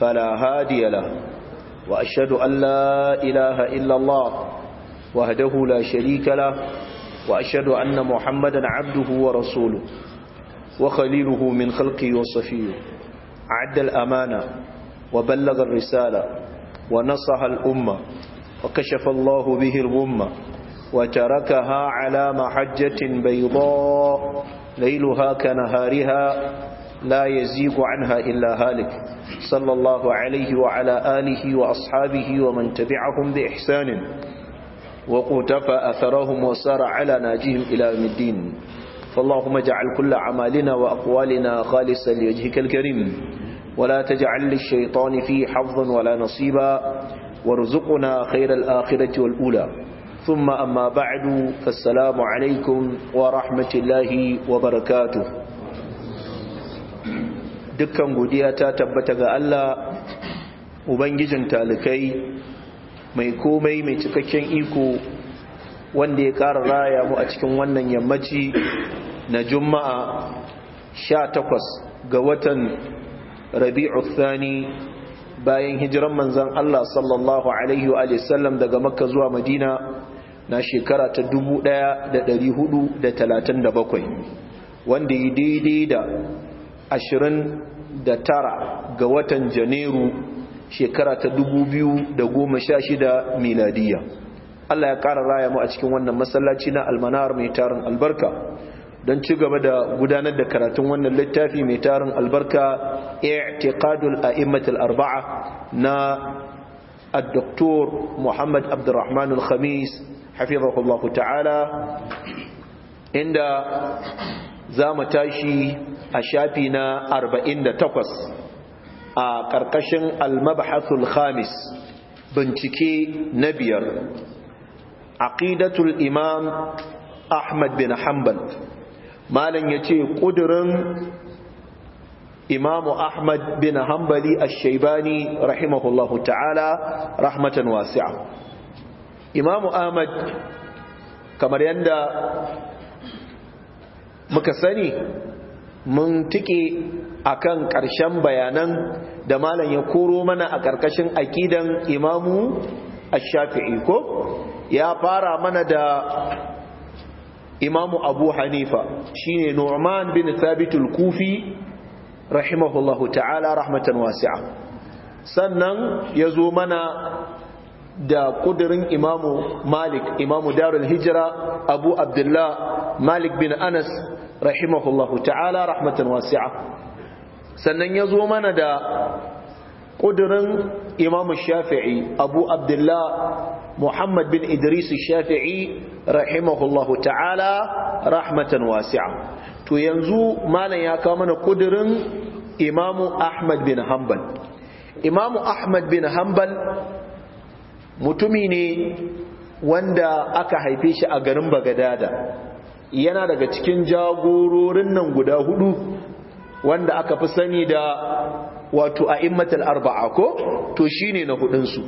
فلا هادي له وأشهد أن لا إله إلا الله وهده لا شريك له وأشهد أن محمدا عبده ورسوله وخليله من خلقه وصفيه عد الأمانة وبلغ الرسالة ونصح الأمة وكشف الله به الغمة وتركها على محجة بيضاء ليلها كنهارها لا يزيغ عنها إلا هالك صلى الله عليه وعلى آله وأصحابه ومن تبعهم بإحسان وقتفى أثرهم وسار على ناجهم إلى يوم الدين فاللهم اجعل كل عمالنا وأقوالنا خالصا لوجهك الكريم ولا تجعل للشيطان فيه حظا ولا نصيبا وارزقنا خير الآخرة والأولى ثم أما بعد فالسلام عليكم ورحمة الله وبركاته dukkan godiya ta tabbata ga Allah ubangijin talikai mai komai mai cikakken iko wanda ya ƙara raya mu a cikin wannan yammaci na juma'a 18 ga watan rabi'u thani bayan hijiran manzan Allah sallallahu alaihi wa sallam daga makka zuwa madina na shekara ta 1437 wanda ya daidai da ashirin da tara ga watan janairu shekara ta dubu biyu da goma sha shida miladiya Allah ya ƙara raya mu a cikin wannan masallaci na almanar mai tarin albarka don ci gaba da gudanar da karatun wannan littafi mai tarin albarka i'tiqadul a'immatul arba'a na الدكتور محمد عبد الرحمن الخميس hafizahullahu ta'ala inda za mu tashi. a shafi na arba'in da 48 a ƙarƙashin almabhasul khamis bincike na biyar aqidatul imam ahmad bin hanbal malam yace ƙudurin imamu ahmad bin Hambali ash-shaybani rahimahullahu ta'ala rahmatan wasi'a imamu ahmad kamar yanda muka sani mun a akan ƙarshen bayanan da malam ya koro mana a ƙarƙashin aƙidan imamu ash-shafi'i ko ya fara mana da imamu abu hanifa shine nu'man bin thabit kufi rahimahullahu ta'ala rahmatan wasi'a sannan ya zo mana da ƙudurin imamu malik imamu darul hijira abu abdullah malik bin anas rahimahullahu ta'ala rahmatan wasi'a sannan ya zo mana da ƙudurin imamu shafi'i abu abdullah muhammad bin idris shafi'i rahimahullahu ta'ala rahmatan wasi'a to yanzu malam ya kawo mana ƙudurin imamu ahmad bin hanbal imamu ahmad bin hanbal mutumi ne wanda aka haife shi a garin bagadada yana daga cikin jagororin nan guda hudu wanda aka fi sani da wato a immatar arba'a ko to ne na hudunsu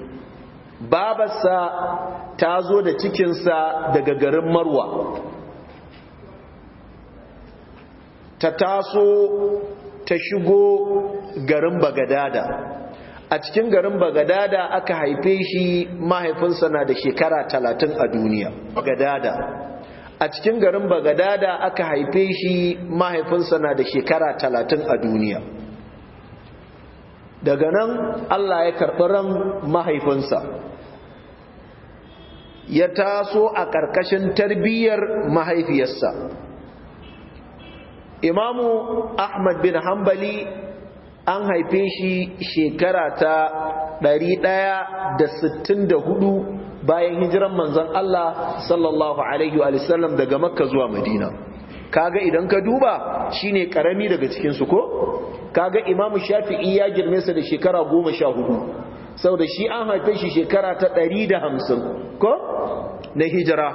babarsa ta zo da cikinsa daga garin marwa ta taso ta shigo garin bagadada a cikin garin bagadada aka haife shi mahaifinsa na da shekara talatin a duniya bagadada a cikin garin bagadada aka haife shi mahaifinsa na da shekara talatin a duniya daga nan Allah ya karɓi ran mahaifinsa ya taso a ƙarƙashin tarbiyyar mahaifiyarsa imamu ahmad bin hambali an haife shi shekara ta 164 bayan hijiran manzon Allah sallallahu alaihi wa sallam daga makka zuwa madina kaga idan ka duba shine karami daga cikin su ko kaga imamu shafi'i ya girme sa da shekara goma sha hudu saboda shi an haife shi shekara ta ɗari ko na hijira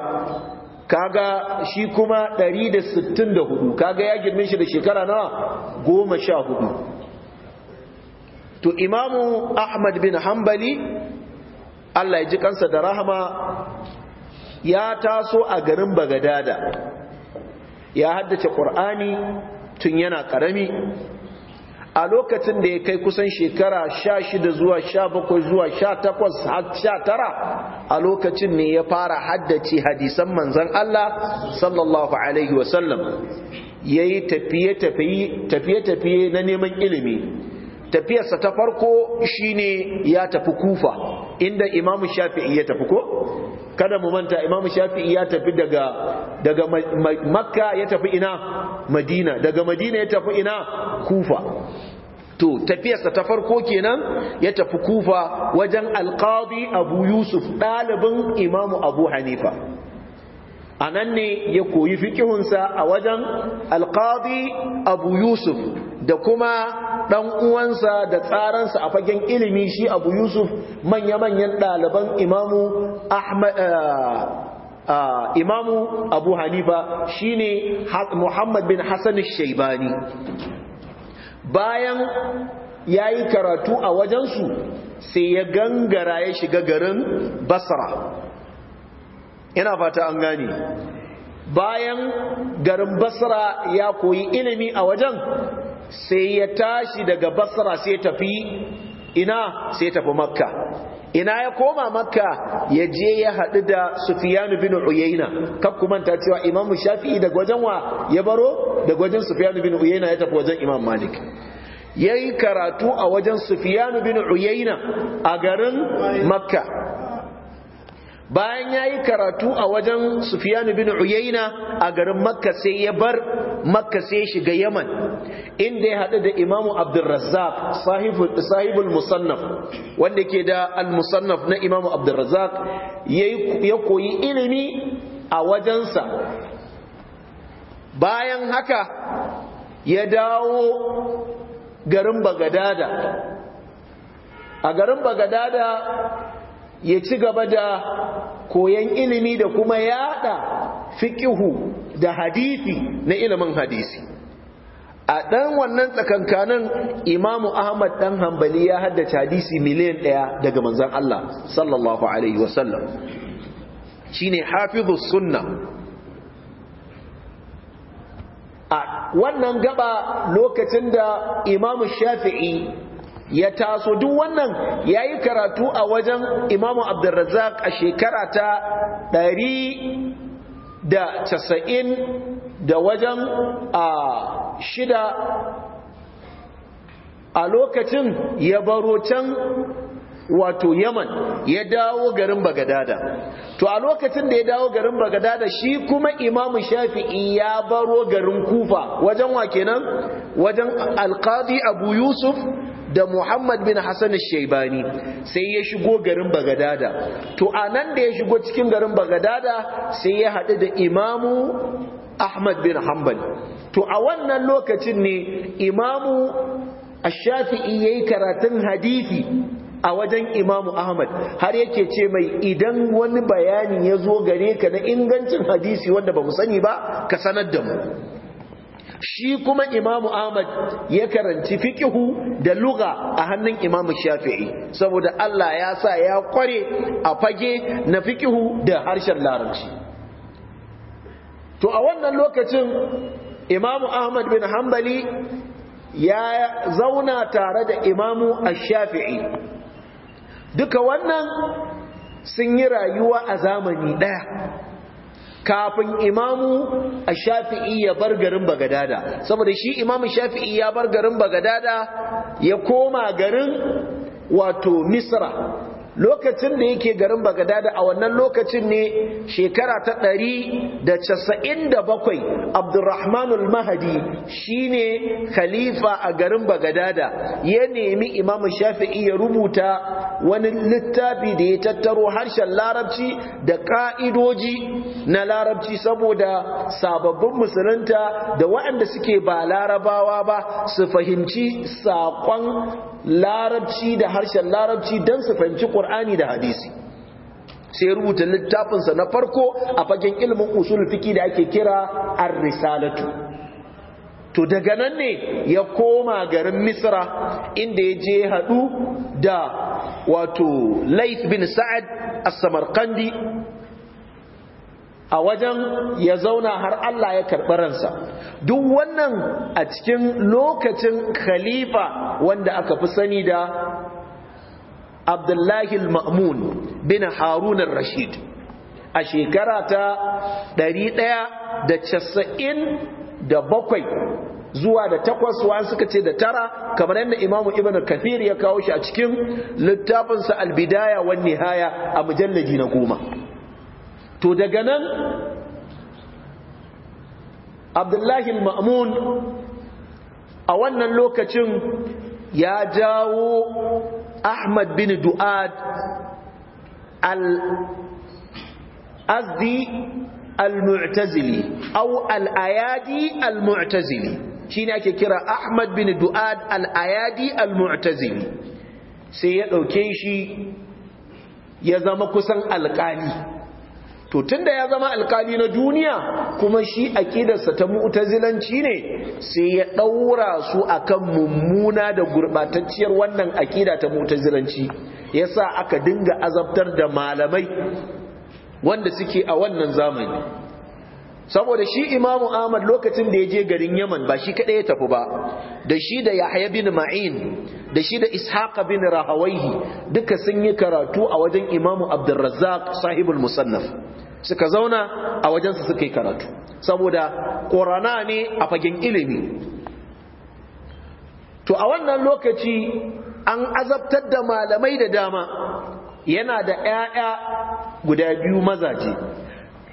kaga shi kuma ɗari da sittin da hudu kaga ya girme shi da shekara na goma sha hudu to imamu ahmad bin hambali Allah ya ji kansa da rahama ya taso a garin bagadada ya haddace ƙur'ani tun yana ƙarami a lokacin da ya kai kusan shekara sha shida zuwa sha zuwa sha takwas sha a lokacin ne ya fara haddace hadisan Manzon Allah sallallahu alaihi wasallam ya yi tafiye-tafiye na neman ilimi tafiyarsa ta farko shine ya tafi kufa inda imamu shafi'i ya tafi ko kada mu manta imamu shafi'i ya tafi daga daga makka ya tafi ina madina daga madina ya tafi ina kufa to tafiyarsa ta farko kenan ya tafi kufa wajen alqadi abu yusuf dalibin imamu abu hanifa a ne ya koyi fikihunsa a wajen alkadi abu yusuf da kuma ɗan uwansa da tsaransa a fagen ilimi shi abu yusuf manya-manyan ɗaliban imamu eh, eh, imamu abu hanifa shine muhammad bin hassan shaibani bayan yayi karatu a wajensu sai ya gangara ya shiga garin basra ina fata an gane bayan garin basra ya koyi ilimi a wajen sai ya tashi daga basra sai tafi ina sai tafi makka ina ya koma makka ya je ya haɗu da sufiyanu bin uyayna kaf kuma ta cewa imamu shafi'i daga wajen wa ya baro daga wajen sufiyanu bin uyayna ya tafi wajen imam malik ya yi karatu a wajen sufiyanu bin uyaina a garin makka bayan ya yi karatu a wajen sufiyanu bin uyaina a garin makka sai ya bar makka sai shiga yaman inda ya haɗu da imamu abdulrazzaq sahibul musannaf wanda ke da al-musannaf na imamu abdulrazzaq ya koyi ilimi a wajensa bayan haka ya dawo garin bagadada a garin bagadada ya ci gaba da koyan ilimi da kuma yada fiqihu da hadisi na ilimin hadisi a dan wannan tsakankanin imamu ahmad ɗan hanbali ya haddace hadisi miliyan ɗaya daga manzon Allah sallallahu alaihi wasallam shine hafizus sunna a wannan gaba lokacin da imamu shafi'i ya taso duk wannan ya yi karatu a wajen imamu abdulrazak a shekara ta ɗari da casa'in da wajen a shida a lokacin ya baro can wato yaman ya dawo garin bagadada to a lokacin da ya dawo garin bagadada shi kuma imamu shafi'i ya baro garin kufa wajen wa kenan wajen alkadi abu yusuf da muhammad bin hassan shaibani sai ya shigo garin bagadada to a nan da ya shigo cikin garin bagadada sai ya haɗu da imamu ahmad bin hanbal to a wannan lokacin ne imamu a shafii yi karatun hadisi a wajen imamu ahmad har yake ce mai idan wani bayani ya zo gare ka na ingancin hadisi wanda ba mu sani ba ka sanar da mu shi kuma imamu ahmad ya karanci fikihu da luga a hannun imamu shafi'i saboda allah ya sa ya kware a fage na fikihu da harshen larabci to a wannan lokacin imamu ahmad bin hambali ya zauna tare da imamu a shafii duka wannan sun yi rayuwa a zamani ɗaya kafin imamu a shafi'i ya bar garin bagadada saboda shi imamu shafi'i ya bar garin bagadada ya koma garin wato misra lokacin da yake garin bagadada a wannan lokacin ne shekara ta ɗari da casa'in da bakwai abdurrahmanul mahadi shine khalifa a garin bagadada ya nemi imam shafi'i ya rubuta wani littafi da ya tattaro harshen larabci da ƙa'idoji na larabci saboda sababbin musulunta da waɗanda suke ba larabawa ba su fahimci saƙon larabci da harshen larabci don su fahimci ƙura qur'ani da hadisi sai rubuta littafinsa na farko a fagen ilimin usul fiki da ake kira ar-risalatu to daga nan ne ya koma garin misra inda ya je hadu da wato layth bin sa'ad as-samarqandi a wajen ya zauna har Allah ya karɓi ransa duk wannan a cikin lokacin khalifa wanda aka fi sani da abdullahi al-ma'mun bin harun rashid a shekara ta 197 zuwa da takwas wa suka ce da tara kamar yadda imamu ibn kathir ya kawo shi a cikin littafinsa albidaya wa nihaya a mujallaji na goma to daga nan abdullahi al-ma'mun a wannan lokacin ya jawo ahmad bin du'ad al-azdi al-mu'tazili au al-ayadi al-mu'tazili shi ne ake kira ahmad bin du'ad al-ayadi al-mu'tazili sai ya ɗauke shi ya zama kusan alƙali to tunda ya zama alkali na duniya kuma shi aƙidarsa ta mu'tazilanci ne sai ya ɗaura su akan mummuna da gurɓatacciyar wannan aƙida ta mu'tazilanci yasa aka dinga azabtar da malamai wanda suke a wannan zamani saboda shi imamu ahmad lokacin da ya je garin yaman ba shi kaɗai ya tafi ba da shi da yahya bin ma'in da shi da ishaqa bin rahawaihi duka sun yi karatu a wajen imamu abdurrazzak sahibul musannaf suka zauna a wajensa suka yi karatu saboda ƙorana ne a fagen ilimi to a wannan lokaci an azabtar da malamai da dama yana da 'ya'ya guda biyu mazaje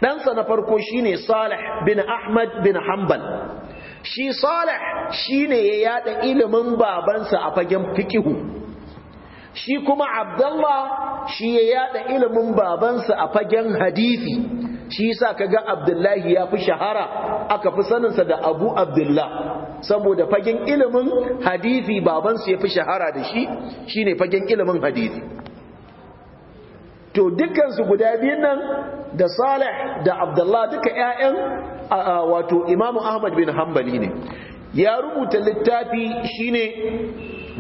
ɗansa na farko shine Salih bin Ahmad bin Hanbal shi Salih shine ya yada ilimin babansa a fagen fikihu shi kuma Abdullah shi ya yada ilimin babansa a fagen hadisi shi yasa kaga Abdullahi ya fi shahara aka fi saninsa da Abu Abdullah saboda fagen ilimin hadisi babansa ya fi shahara da shi shine fagen ilimin hadisi to dukansu guda biyun nan da salih da abdullah duka 'ya'yan wato Imam ahmad bin hanbali ne ya rubuta littafi shine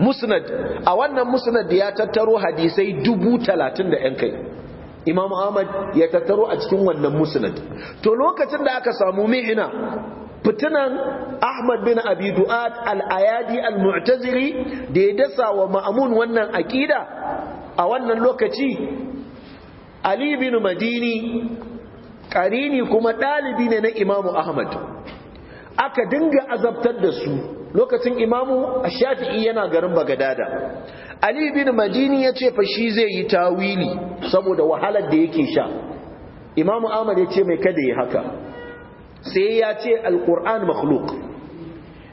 musnad a wannan musnad ya tattaro hadisai dubu da 'yan kai imam ahmad ya tattaro a cikin wannan musnad to lokacin da aka samu mihina fitinan ahmad bin abi du'ad al-ayadi al-mu'tazili da ya dasa wa ma'amun wannan aqida a wannan lokaci ali bin madini ƙarini kuma ɗalibi ne na imamu ahmad aka dinga azabtar da su lokacin imamu shafi'i yana garin bagadada ali bin madini yace fa shi zai yi tawili saboda wahalar da yake sha imamu ahmad yace mai kada yi haka sai ya ce alkur'an makhluk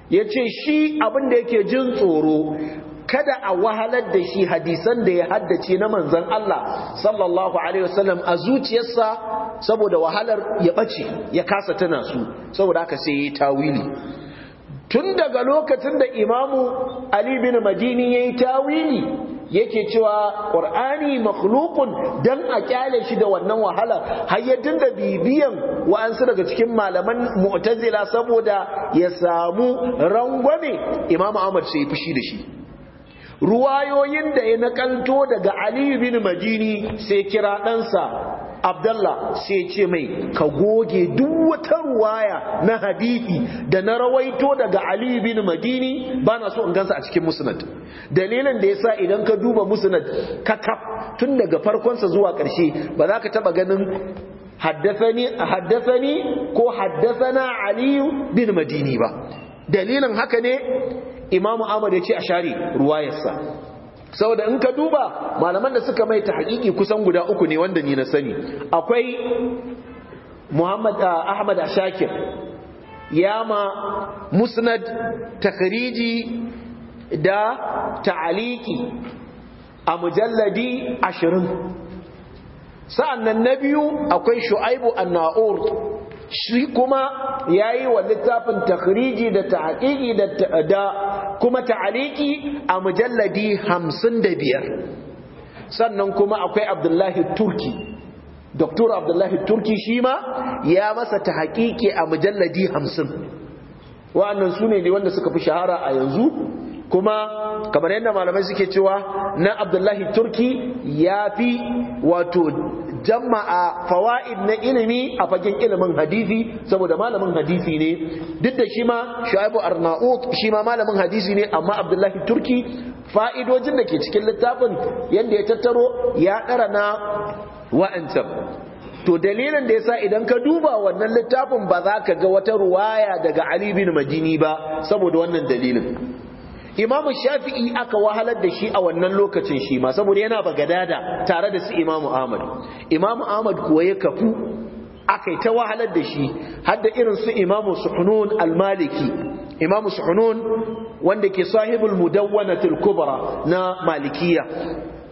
yace ce shi abinda yake jin tsoro kada a wahalar da shi hadisan da ya haddace na manzan Allah sallallahu alaihi wasallam a zuciyarsa saboda wahalar ya bace ya kasa tana su saboda haka sai ya yi tawili tun daga lokacin da imamu Ali bin Madini ya yi tawili yake cewa ƙur'ani makhlukun don a kyale shi da wannan wahala har ya bibiyan wa'ansu daga cikin malaman mu'tazila saboda ya samu rangwame imamu Ahmad sai fushi da shi ruwayoyin da ya nakalto daga Ali bin Madini sai kira ɗansa Abdullah sai ce mai ka goge duk wata ruwaya na hadisi da na rawaito daga Ali bin Madini ba so in gansa a cikin musnad dalilin da yasa idan ka duba musnad kakaf tun daga farkon sa zuwa ƙarshe ba za ka taɓa ganin haddathani haddathani ko haddathana Ali bin Madini ba dalilin haka ne imamu ahmad ya ce a share ruwayarsa saboda in ka duba malaman da suka mai ta hakiki kusan guda uku ne wanda ni na sani akwai muhammad ah, ahmad shakir ya ma musnad takhriji da ta'aliki a mujalladi ashirin sa'an nan na biyu akwai shu'aibu an-na'ur shi kuma ya yi wa littafin takhriji da ta'aƙiƙi da da kuma ta'aliki a mujalladi hamsin da biyar. sannan kuma akwai Abdullahi Turki Doktor Abdullahi Turki shi ma ya masa ta'aƙiƙi a mujalladi 50 wa'annan sune ne wanda suka fi shahara a yanzu kuma kamar yadda malamai suke cewa na abdullahi turki ya fi wato jama'a fawa'id na ilimi a fagen ilimin hadisi saboda malamin hadisi ne duk da shi ma shu'aibu arnaut shi ma malamin hadisi ne amma abdullahi turki fa'idojin da ke cikin littafin yadda ya tattaro ya ɗara na wa'ancan to dalilin da yasa idan ka duba wannan littafin ba za ka ga wata ruwaya daga ali bin madini ba saboda wannan dalilin imam shafi'i aka wahalar da shi a wannan lokacin shi ma saboda yana bagadada tare da su imam ahmad imam ahmad kuwa ya kafu aka yi ta wahalar da shi hadda irin su imam suhunun al-maliki imam suhunun wanda ke sahibul mudawwanatul kubra na malikiya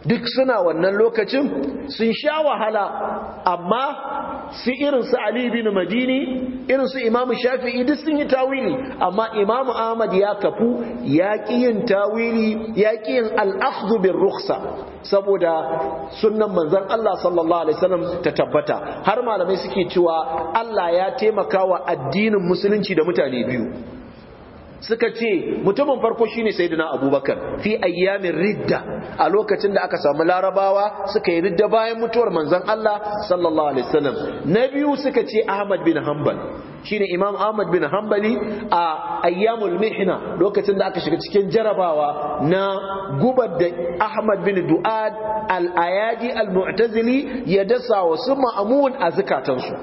duk suna wannan lokacin sun sha wahala amma su irin su Ali bin Madini irin su Imam Shafi'i duk sun yi tawili amma Imam Ahmad ya kafu ya kiyin yin tawili ya kiyin yin al-akhdhu bir rukhsa saboda sunnan manzon Allah sallallahu alaihi wasallam ta tabbata har malamai suke cewa Allah ya taimaka wa addinin musulunci da mutane biyu suka ce mutumin farko shine sayyidina abubakar fi ayyamin ridda a lokacin da aka samu larabawa suka yi ridda bayan mutuwar manzon Allah sallallahu alaihi wasallam na biyu suka ce ahmad bin hanbal shine imam ahmad bin hanbali a ayyamul mihna lokacin da aka shiga cikin jarabawa na gubar da ahmad bin du'ad al-ayadi al-mu'tazili ya dasa wasu ma'amun a zukatansu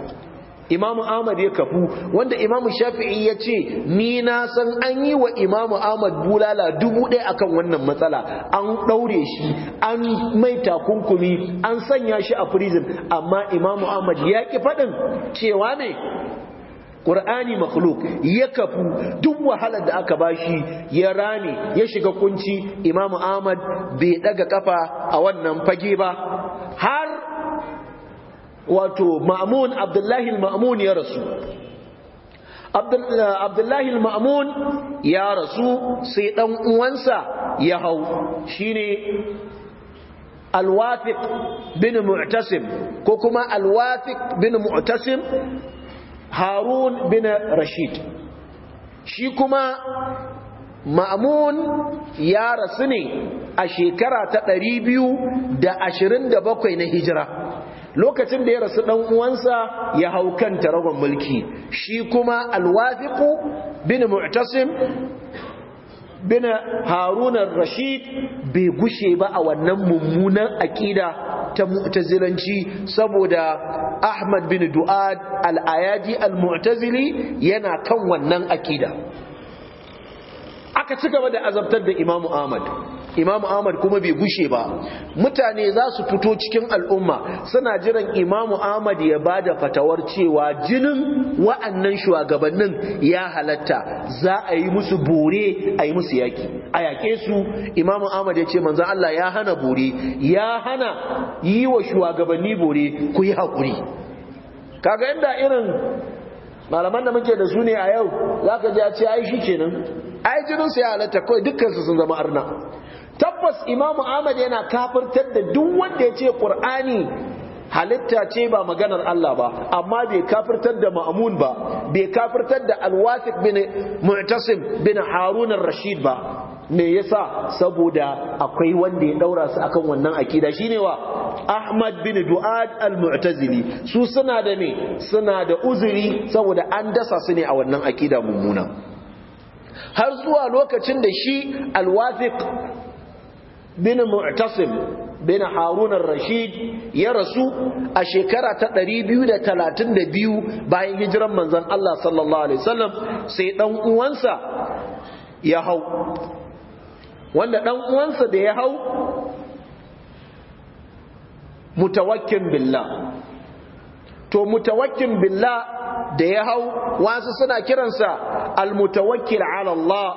imamu ahmad ya kafu wanda imamu shafi'i ya ce ni na san an yi wa imamu ahmad bulala dubu ɗaya akan wannan matsala an ɗaure shi an mai takunkumi an sanya shi a prison amma imamu ahmad ya ki faɗin cewa ne Qur'ani makhluk ya kafu duk wahalar da aka bashi ya rane ya shiga kunci Imam Ahmad bai ɗaga kafa a wannan fage ba har wato ma'amun abdullahi maamun ya rasu eh, abdullahi maamun ya rasu sai dan uwansa ya hau shine al-wafiq bin mu'tasim ko kuma al bin mu'tasim harun bin rashid shi kuma ma'amun ya rasu ne a shekara ta 227 na hijira lokacin da ya rasu dan uwansa ya hau kan taragon mulki shi kuma alwafiqu bin mu'tasim bin harun rashid bai gushe ba a wannan mummunan akida ta mu'tazilanci saboda ahmad bin du'ad al-ayadi al-mu'tazili yana kan wannan akida aka cigaba da azabtar da imamu ahmad imam ahmad kuma bai gushe ba mutane za su fito cikin al'umma suna jiran imam ahmad ya ba da fatawar cewa jinin wa'annan shugabannin ya halatta za a yi musu bore a yi musu yaki a yake su imam ahmad ya ce manzan allah ya hana bore ya hana yi wa shugabanni bore ku yi haƙuri kaga inda irin malaman da muke da su ne a yau za ka ji a ce ai shi kenan ai jinin su ya halatta kawai dukkansu sun zama arna tabbas imamu ahmad yana kafirtar da duk wanda ya ce qur'ani halitta ce ba maganar Allah ba amma bai kafirtar da ma'amun ba bai kafirtar da alwasik bin mu'tasim bin harun rashid ba me yasa saboda akwai wanda ya daura su akan wannan akida shine wa Ahmad bin Du'ad al-Mu'tazili su suna da me suna da uzuri saboda an dasa su ne a wannan akida mummuna har zuwa lokacin da shi alwasik bin mu'tasim bin harun rashid ya rasu a shekara ta 232 bayan hijiran manzon Allah sallallahu alaihi wasallam sai dan uwansa ya hau wanda dan uwansa da ya hau mutawakkin billah to mutawakkin billah da ya hau wasu suna kiransa almutawakkil ala Allah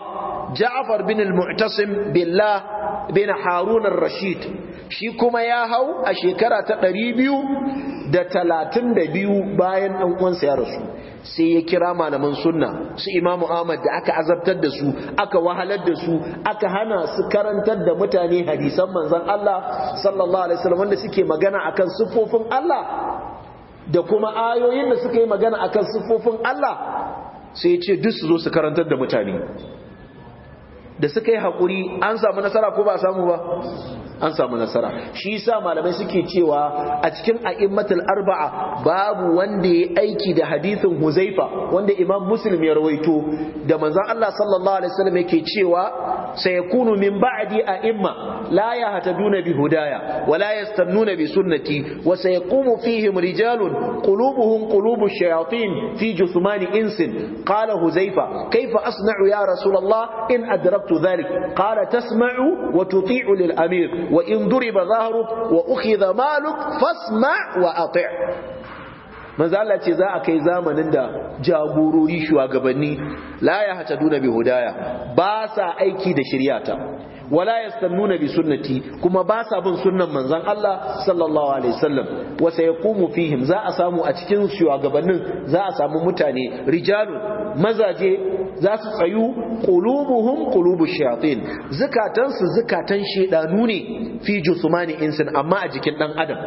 Ja'far bin al-Mu'tasim billah bin harun rashid shi kuma ya hau a shekara ta 232 bayan ɗan uwansa ya rasu sai ya kira malaman sunna su imamu ahmad da aka azabtar da su aka wahalar da su aka hana su karantar da mutane hadisan manzon Allah sallallahu alaihi wasallam wanda suke magana akan siffofin Allah da kuma ayoyin da suka yi magana akan siffofin Allah sai ya ce duk su zo su karantar da mutane da suka yi haƙuri an samu nasara ko ba samu ba an samu nasara shi yasa malamai suke cewa a cikin a'immatul arba'a babu wanda ya aiki da hadithin huzaifa wanda imam muslim ya rawaito da manzon Allah sallallahu alaihi wasallam yake cewa sayakunu min ba'di a'imma la yahtaduna bi hudaya wa la yastannuna bi sunnati wa sayaqumu fihim rijalun qulubuhum qulubu shayatin fi jusmani insin qala huzaifa kayfa asna'u ya rasulullah in adrak رفضت ذلك قال تسمع وتطيع للأمير وإن ضرب ظهرك وأخذ مالك فاسمع وأطع manzala ce za a kai zamanin da jagorori shugabanni la ya hata duna bi hudaya ba sa aiki da shiryata wala yastannuna bi sunnati kuma ba sa bin sunnan manzon Allah sallallahu alaihi wasallam wa sayaqumu fihim za a samu a cikin shugabannin za a samu mutane rijalu mazaje za su tsayu qulubuhum qulubu shayatin zukatan su zukatan shedanu ne fi jusmani insin, amma a jikin dan adam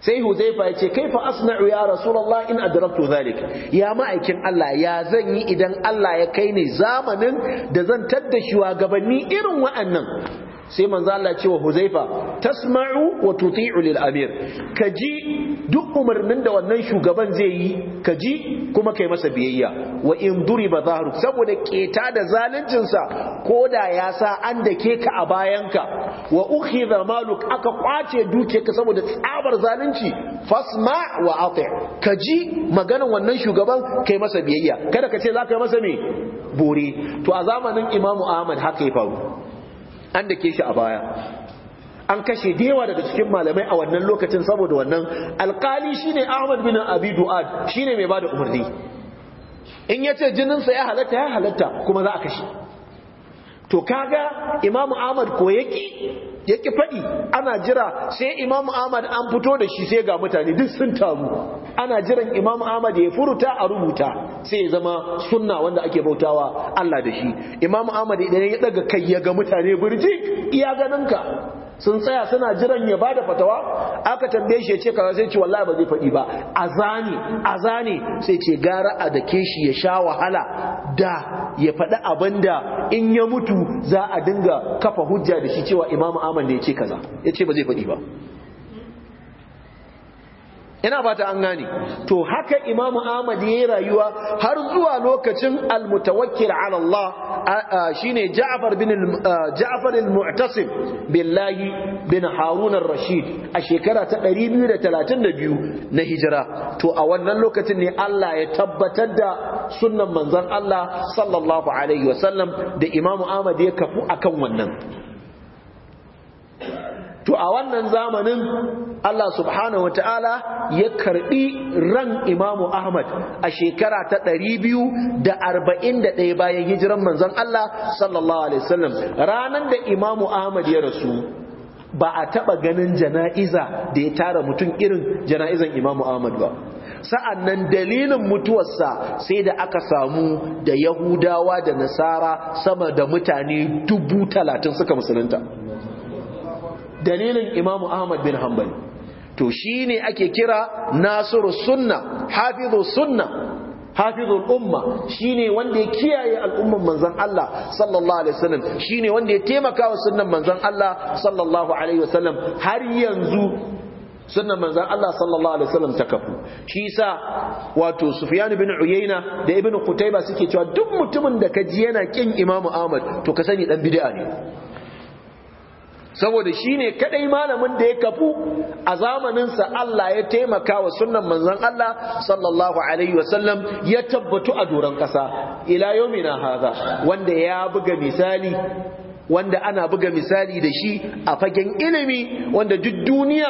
sai huzaifa ya ce fa asna'u ya rasulullah in adraktu zalik ya ma'aikin Allah ya zan yi idan Allah ya kai ni zamanin da zan tadda shiwa gabanni irin wa'annan sai manzo Allah wa Huzaifa tasma'u wa tuti'u lil amir ka ji duk umarnin da wannan shugaban zai yi ka ji kuma kai masa biyayya wa in duriba zahru saboda keta da zalincin sa koda ya sa an dake ka a ka. wa ukhidha maluk aka kwace ka saboda tsabar zalunci fasma wa ati ka ji wannan shugaban kai masa biyayya kada ka ce za ka yi masa me bore to a zamanin imamu Ahmad haka ya faru an dake shi a baya an kashe da daga cikin malamai a wannan lokacin saboda wannan alkali shine Ahmad bin Abi Du'ad shine mai bada umarni in yace jinin sa ya halatta ya halatta kuma za a kashe to kaga Imam Ahmad ko yake ya ki faɗi ana jira sai imam ahmad an fito da shi sai ga mutane duk sun taru ana jiran imam ahmad ya furuta a rubuta sai ya zama sunna wanda ake bautawa Allah da shi imam ahmad idan ya daga kai ya ga mutane burji iya ganinka sun tsaya suna jiran ya bada fatawa aka tambaye shi ya ce kaza sai ce wallahi ba zai faɗi ba azani azani sai ce gara a dake shi ya sha wahala da ya faɗi abinda in ya mutu za a dinga kafa hujja da shi cewa imamu aman ne ya ce kaza ya ce ba zai faɗi ba ina ba ta an gani? to haka imam ahmad yayi rayuwa har zuwa lokacin almutawakkil ala Allah shine Ja'far bin Ja'far al-Mu'tasim billahi bin Harun ar-Rashid a shekara ta 232 na hijira to a wannan lokacin ne Allah ya tabbatar da sunnan manzon Allah sallallahu alaihi wasallam da imam ahmad ya kafu akan wannan to a wannan zamanin Allah subhanahu wata'ala ya karbi ran Imamu Ahmad a shekara ta ɗari biyu da da arba'in ɗaya bayan hijiran manzon Allah sallallahu alaihi wasallam ranan da Imamu Ahmad ya rasu ba a taba ganin jana'iza da ya tara mutum irin jana'izan Imamu Ahmad ba sa'an nan dalilin mutuwarsa sai da aka samu da yahudawa da nasara sama da mutane dubu talatin suka musulunta dalilin imamu ahmad bin hanbali to shi ne ake kira nasiru sunna hafizu sunna hafizul umma ne wanda ya kiyaye al'umman manzan Allah sallallahu alaihi wasallam ne wanda ya taimaka wa sunnan manzon Allah sallallahu alaihi wasallam har yanzu sunnan manzan Allah sallallahu alaihi wasallam ta kafu shi yasa wato Sufyan ibn Uyayna da Ibn Qutayba suke cewa duk mutumin da kaji yana kin Imam Ahmad to ka sani dan bid'a ne saboda shi ne kaɗai malamin da ya kafu a zamaninsa Allah ya taimaka wa sunnan manzon Allah sallallahu alaihi wasallam ya tabbatu a doron ƙasa ila na haza wanda ya buga misali wanda ana buga misali da shi a fagen ilimi wanda duk duniya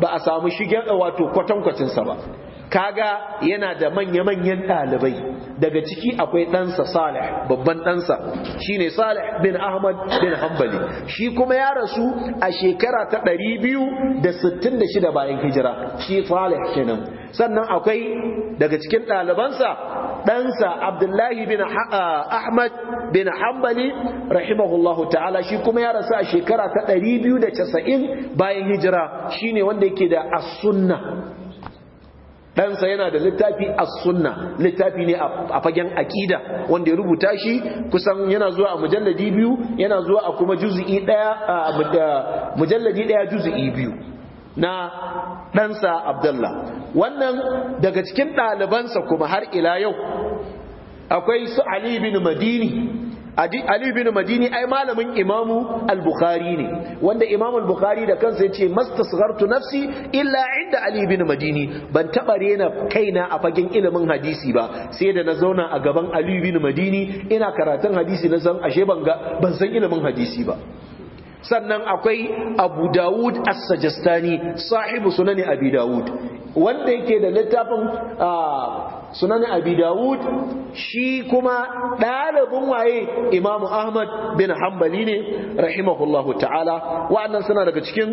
ba a samu shigen wato kwatankwacinsa ba kaga yana da manya-manyan ɗalibai daga ciki akwai ɗansa salih babban ɗansa ne salih bin ahmad bin hanbali shi kuma ya rasu a shekara ta 266 bayan hijira shi salih kenan sannan akwai daga cikin ɗalibansa ɗansa abdullahi bin ahmad bin hanbali rahimahullahu ta'ala shi kuma ya rasu a shekara ta 290 bayan hijira shine wanda yake da as-sunna ɗansa yana da littafi a sunna littafi ne a fagen aƙida wanda ya rubuta shi kusan yana zuwa a mujalladi biyu yana zuwa a kuma juzi'i ɗaya mujalladi ɗaya biyu na ɗansa abdullah wannan daga cikin ɗalibansa kuma har ila yau akwai su ali bin madini Ali bin Madini ai malamin Imamu Al-Bukhari ne wanda Imam Al-Bukhari da kansa yace mastasghartu nafsi illa inda Ali bin Madini ban taba rena kaina a fagen ilimin hadisi ba sai da na zauna a gaban Ali bin Madini ina karatun hadisi na san ashe ban ga ban san ilimin hadisi ba sannan akwai abu dawud as-sajastani sahibu sunani abi dawud wanda yake da littafin ah, sunan abi dawud shi kuma ɗalibin waye imamu ahmad bin hanbali ne rahimahullahu ta'ala wa'annan suna daga cikin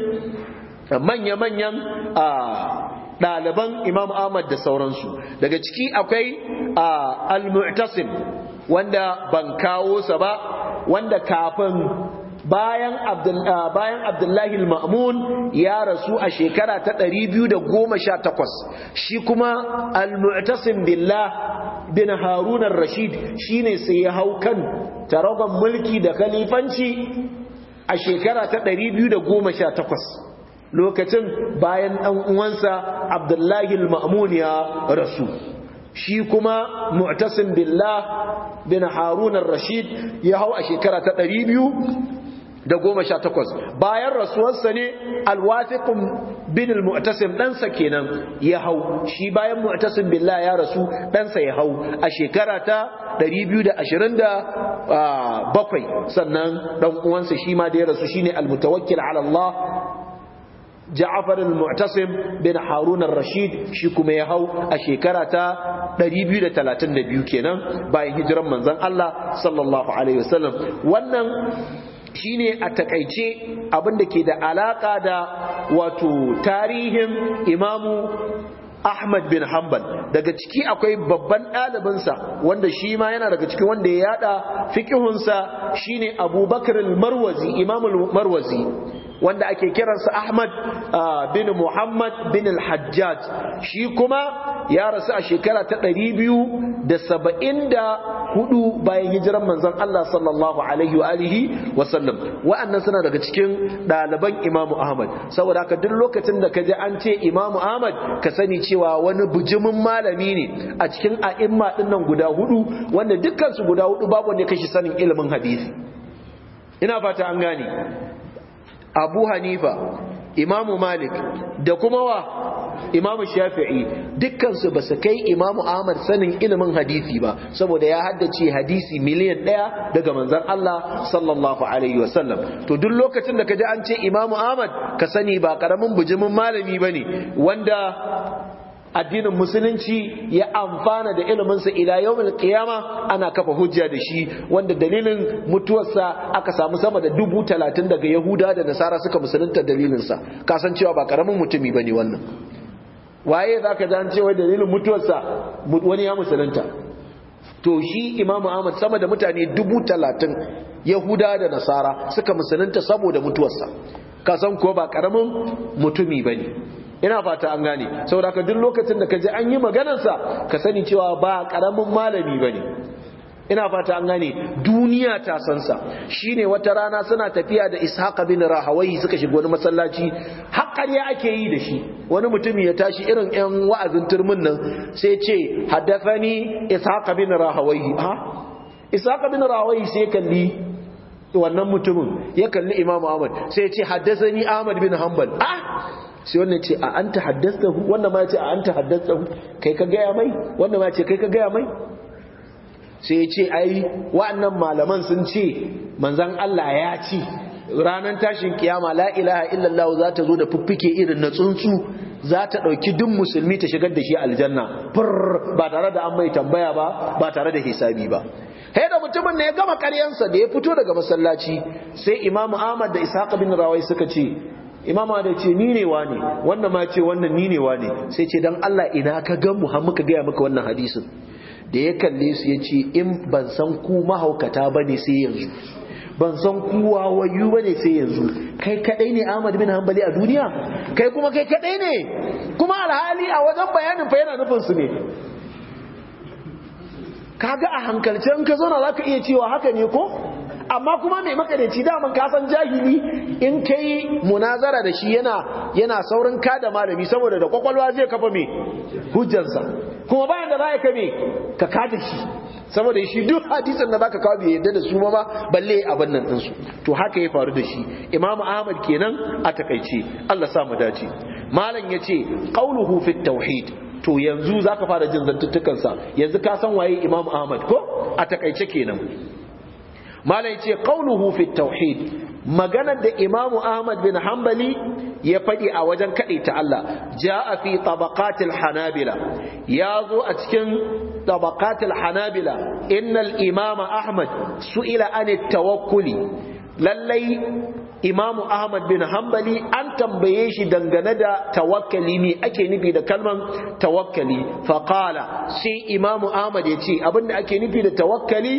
manya-manyan ah, ɗaliban imamu ahmad da sauransu daga ciki akwai ah, al-mu'tasim wanda ban kawo sa ba wanda kafin bayan ah, bayan Abdullahi al-Ma'mun ya rasu a shekara ta 218 shi kuma al-Mu'tasim billah bin Harun ar-Rashid shine sai ya hau kan taragon mulki da khalifanci a shekara ta 218 lokacin bayan ɗan uwansa abdullahi al-ma'mun ya rasu shi kuma mu'tasim billah bin harun ar-rashid ya hau a shekara ta 200 da goma sha takwas bayan rasuwarsa ne alwafiqun bin almu'tasim ɗansa kenan ya hau shi bayan mu'tasim billah ya rasu ɗansa ya hau a shekara ta 227 sannan ɗan uwansa shi ma da ya rasu shine almutawakkil ala Allah Ja'far al-Mu'tasim bin Harun al-Rashid shi kuma ya hau a shekara ta 232 kenan bayan hijiran manzon Allah sallallahu alaihi wasallam wannan shine a takaice abin da ke da alaka da wato tarihin imamu Ahmad bin Hanbal daga ciki akwai babban ɗalibinsa wanda shi ma yana daga ciki wanda ya yada fiƙihunsa. shine Abu Bakr al-Marwazi Imam marwazi wanda ake kiransa Ahmad ah, bin Muhammad bin al-Hajjaj shi kuma ya rasu a shekara ta 274 bayan hijiran manzon Allah sallallahu alaihi wa alihi wa sallam wa'annan suna daga cikin ɗaliban Imam Ahmad saboda haka duk lokacin da kaje an ce Imam Ahmad ka sani cewa wani bujumin malami ne a cikin a'imma dinnan guda hudu wanda dukkan su guda hudu babu wanda kashi sanin ilimin hadisi ina fata an gane abu hanifa imamu malik da kuma wa imamu shafi'i dukkansu ba su kai imamu ahmad sanin ilimin hadisi ba saboda ya haddace hadisi miliyan ɗaya daga manzan Allah sallallahu alaihi wasallam to duk lokacin da ka ji an ce imamu ahmad ka sani ba karamin bujimin malami ba ne wanda addinin musulunci ya amfana da iliminsa ila yawmil kiyama ana kafa hujja da shi wanda dalilin mutuwarsa aka samu sama da dubu talatin daga yahuda da nasara suka musulunta dalilinsa cewa ba karamin mutumi bane wannan waye za ka jan cewa dalilin mutuwarsa wani ya musulunta to shi imamu ahmad sama da mutane dubu talatin yahuda da nasara suka musulunta saboda mutuwarsa kasan kuwa ba karamin mutumi bane ina fata an gane saboda ka duk lokacin da ka ji an yi maganarsa ka sani cewa ba karamin malami ba ne. ina fata an gane duniya ta sansa. sa shine wata rana suna tafiya da Ishaq bin Rahawai suka shiga wani masallaci ya ake yi da shi wani mutum ya tashi irin ƴan wa'azin turmin nan sai ce haddathani Ishaq bin Rahawai ha Ishaq bin Rahawai sai kalli wannan mutumin ya kalli Imam Ahmad sai ce ni Ahmad bin Hanbal ah sai wannan ce a an ta haddasta hu, wannan ma ce a an ta haddasta hu, kai ka gaya mai wannan ma ce kai ka gaya mai sai ya ce ai wa'annan malaman sun ce manzan Allah ya ce ranar tashin kiyama la ilaha illallah za ta zo da fuffike irin na tsuntsu za ta ɗauki duk musulmi ta shigar da shi aljanna fur ba tare da an mai tambaya ba ba tare da hisabi ba sai da mutumin ne ya gama karyansa da ya fito daga masallaci sai imamu ahmad da ishaq bin rawai suka ce imama da ce ni ne wani wannan ma ce wannan ni ne wani sai ce dan Allah ina ka gan mu har muka gaya maka wannan hadisin da ya kalle su ya ce in ban san ku mahaukata ba ne sai yanzu ban san kowa wayu ne sai yanzu kai kadai ne Ahmad bin Hanbali a duniya kai kuma kai kadai ne kuma alhali a wajen bayanin fa yana nufin su ne kaga a hankalce in ka zauna zaka iya cewa haka ne ko amma kuma mai makadaici daman ka san jahili in kai munazara da shi yana yana saurin kada malami saboda da kwakwalwa zai kafa me hujjansa. kuma bayan da za ka ka kada shi saboda shi duk hadisin da zaka kawo bai yadda da su ba balle abin nan su to haka ya faru da shi imamu ahmad kenan a takaice Allah sa mu dace malam yace qauluhu fi tauhid to yanzu zaka fara jin sa yanzu ka san waye Imam Ahmad ko a takaice kenan malai ce qauluhu fi tauhid maganar da imamu ahmad bin hanbali ya faɗi a wajen ta Allah ja'a fi tabaqatil hanabila ya zo a cikin tabaqatil hanabila innal imama ahmad su'ila an tawakkuli lallai imamu ahmad bin hanbali an tambaye shi dangane da tawakkali me ake nufi da kalman tawakkali faqala sai imamu ahmad ya ce abinda ake nufi da tawakkali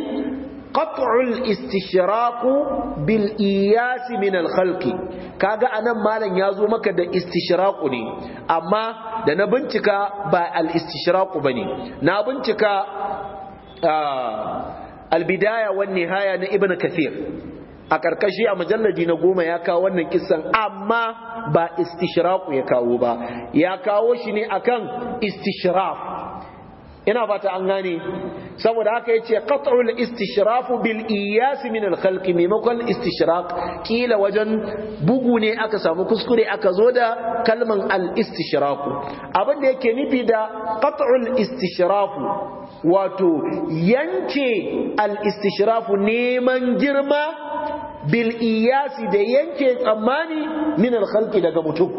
qat'ul istishraqu bil iyas min al khalqi kaga anan malam ya zo maka da istishraqu ne amma da na bincika ba al istishraqu bane na bincika ah, Albidaya bidaya haya na ibnu kathir a karkashi a majalladi na goma ya kawo wannan kisan amma ba istishraku ya kawo ba ya kawo shi ne akan istishraf ina fata an gane saboda haka yace qat'ul istishrafu bil iyas min al khalq maimakon istishraq kila wajen bugu ne aka samu kuskure aka zo da kalman al istishraq abin da yake nufi da qat'ul istishraf wato yanke al istishraf neman girma bil iyas da yanke tsammani min al khalq daga mutum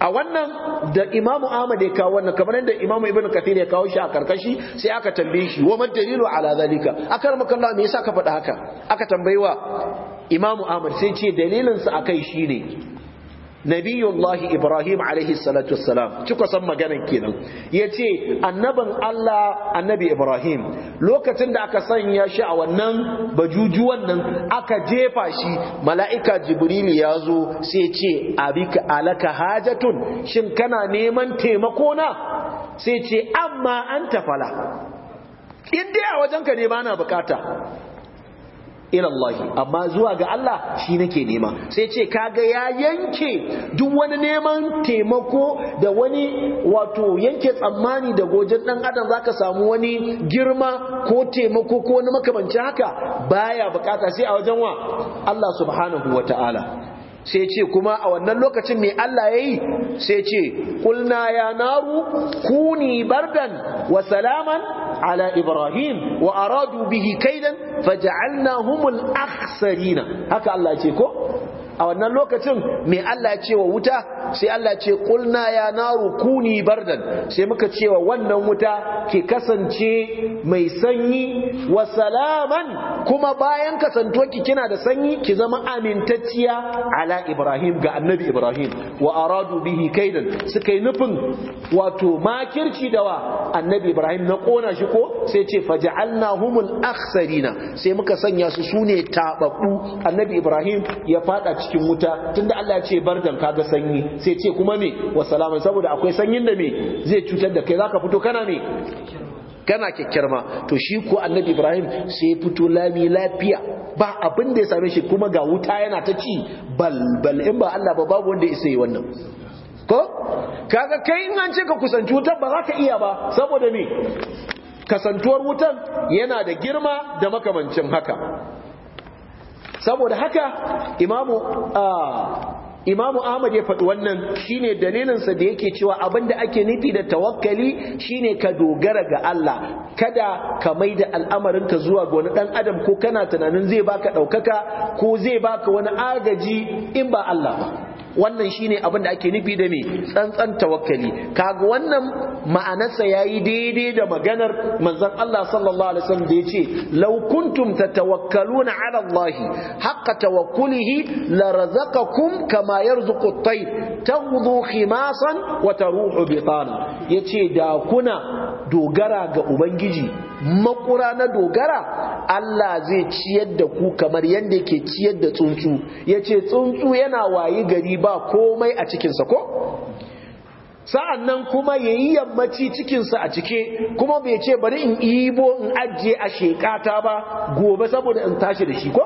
a wannan da imamu ahmad ya kawo wannan kamar yadda imamu ibn kathir ya kawo shi a karkashi sai aka tambaye shi wa mad dalilu ala zalika akar makalla me yasa ka faɗa haka aka wa imamu ahmad sai ce dalilin sa akai shine nabiyullahi ibrahim alaihi salatu wassalam cika san maganar kenan yace annaban Allah annabi ibrahim lokacin da aka sanya shi a wannan bajujuwan nan aka jefa shi mala'ika jibril ya zo sai ce abika alaka hajatun shin kana neman taimako na sai ce amma anta fala in dai a wajenka ne na bukata ilallahi amma zuwa ga Allah shi nake nema sai ce kaga ya yanke duk wani neman taimako da wani wato yanke tsammani da gojin dan adam zaka samu wani girma ko taimako ko wani makamancin haka baya bukata sai a wajen wa Allah subhanahu wataala sai ce kuma a wannan lokacin mai Allah ya yi sai ce ƙulna ya naru kuni bardan wa salaman ala ibrahim wa aradu bihi kaidan faj'alnahumul aksarina, haka Allah ce ko a wannan lokacin mai Allah ya ce wa wuta sai Allah ce kulna ya naru kuni bardan sai muka ce wa wannan wuta ki kasance mai sanyi wa salaman kuma bayan kasantuwa ki kina da sanyi ki zama amintacciya ala Ibrahim ga annabi Ibrahim wa aradu bihi kaidan suka yi nufin wato makirci da wa annabi Ibrahim na kona shi ko sai ce faj'alnahumul akhsarina sai muka sanya su sune tababbu annabi Ibrahim ya fada cikin wuta tunda Allah ya ce bardan kaga sanyi sai ce kuma me wa salama saboda akwai sanyin da me zai cutar da kai zaka fito kana me kana kyakkyarma to shi ko annabi ibrahim sai fito lami lafiya ba abin da ya same shi kuma ga wuta yana ta ci bal bal in ba Allah ba babu wanda ya isa yi wannan ko kaga kai in an ce ka kusanci wutar ba za ka iya ba saboda me kasantuwar wutan yana da girma da makamancin haka saboda haka imamu imamu ahmad ya faɗi wannan shine dalilinsa da yake cewa abinda ake nufi da tawakkali shine ka dogara ga Allah kada ka maida al'amarinka zuwa ga wani dan adam ko kana tunanin zai baka ɗaukaka ko zai baka wani agaji in ba Allah ba wannan shine abin da ake nufi da me tsantsan tawakkali kaga wannan ma'anarsa yayi daidai da maganar manzon Allah sallallahu alaihi wasallam da yace law kuntum tatawakkaluna ala Allah haqqa tawakkulihi la razaqakum kama yarzuqu at-tayr taghdu khimasan wa taruhu bitana yace da kuna dogara ga ubangiji makura na dogara Allah zai ciyar da ku kamar yadda ke ciyar da tsuntsu ya ce tsuntsu yana wayi gari ba komai a cikinsa ko sa'an nan kuma ya yi yammaci cikinsa a cike kuma bai ce bari in ibo in ajiye a shekata ba gobe saboda in tashi da shi ko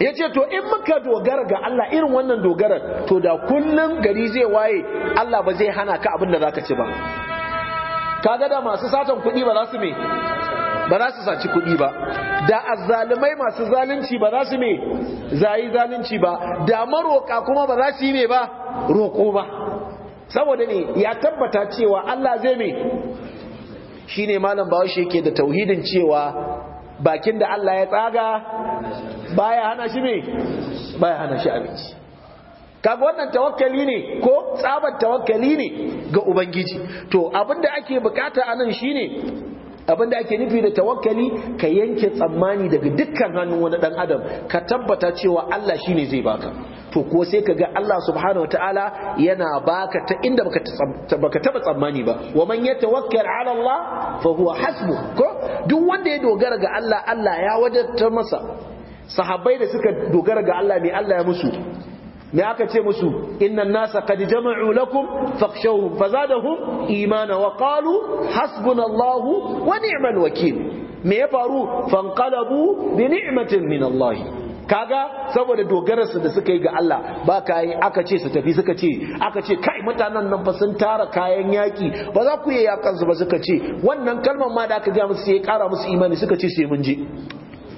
ya ce to in muka dogara ga Allah irin wannan dogara, to da kullum gari zai waye Allah ba zai hana ka abin da za ka ci ba kaga da masu satan kuɗi ba za su me ba za su saci kuɗi ba da azzalumai masu zalunci ba za su me zayi zalunci ba da maroka kuma ba za su yi me ba roko ba saboda ne ya tabbata cewa Allah zai me shine malam bawashi yake da tauhidin cewa bakin da Allah ya tsaga baya hana shi me baya hana shi abinci kaga wannan tawakkali ne ko tsabar tawakkali ne ga ubangiji to abinda ake bukata anan shine abinda ake nufi da tawakkali ka yanke tsammani daga dukkan hannun wani dan adam ka tabbata cewa Allah shine zai baka to ko sai ka ga Allah subhanahu wataala yana baka ta inda baka baka taba tsammani ba wa man yatawakkal ala Allah fa huwa hasbu ko duk wanda ya dogara ga Allah Allah ya wadatar masa sahabbai da suka dogara ga Allah ne Allah ya musu me aka ce musu innan nasa kadi jama'u lakum da fazadahum imana wa qalu hasbunallahu wa ni'mal wakil me ya faru fanqalabu bi ni'matin min Allah kaga saboda dogararsu da suka yi ga Allah ba yi aka ce su tafi suka ce aka ce kai mutanen nan ba sun tara kayan yaki ba za ku yi yakan su ba suka ce wannan kalmar ma da aka ga musu sai ya kara musu imani suka ce sai mun je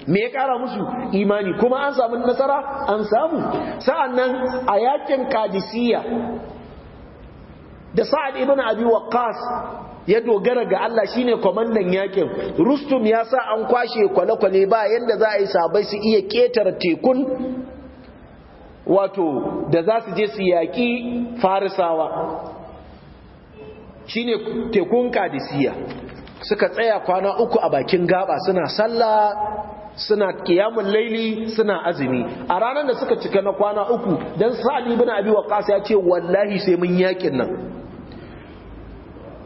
me ya kara musu imani kuma an samu nasara an samu sa'annan a yakin kadisiya da sa'ad ibn abi waqqas ya dogara ga Allah shine kwamandan yakin rustum ya sa an kwashe kwale-kwale ba yanda za a yi sabai su iya ketar tekun wato da za su je su yaƙi farisawa shine tekun kadisiya suka tsaya kwana uku a bakin gaba suna sallah suna kiyamun laili suna azumi a ranar da suka cika na kwana uku don sa'ad ibn abi waqas ya ce wallahi sai mun yakin nan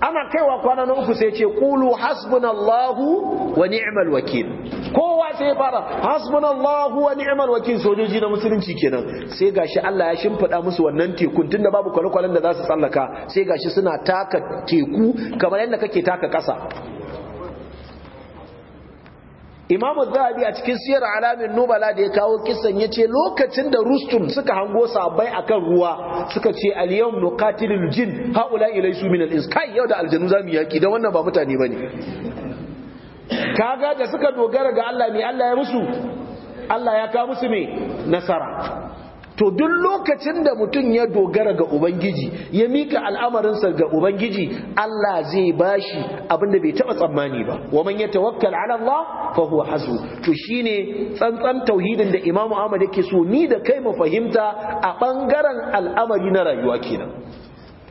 ana kaiwa kwana na uku sai ce qulu hasbunallahu wa ni'mal wakil kowa sai fara hasbunallahu wa ni'mal wakil sojoji na musulunci kenan sai gashi Allah ya shimfida musu wannan tekun tunda babu kwalkwalan da za su tsallaka sai gashi suna taka teku kamar yadda kake taka kasa imamu zahabi a cikin siyar alamin nubala da ya kawo kisan ya ce lokacin da rustum suka hango sabai kan ruwa suka ce aliyam nuqatilul jin haula ilaysu min yau da aljanu za zamu yaki don wannan ba mutane ba ne kaga da suka dogara ga Allah ne Allah ya musu Allah ya kawo musu mai nasara to duk lokacin da mutum ya dogara ga ubangiji ya mika al'amarinsa ga ubangiji Allah zai bashi abinda bai taba tsammani ba wa man yatawakkal ala Allah fa huwa hasbu to shine tsantsan tauhidin da Imam Ahmad yake so ni da kai mu fahimta a bangaren al'amari na rayuwa kenan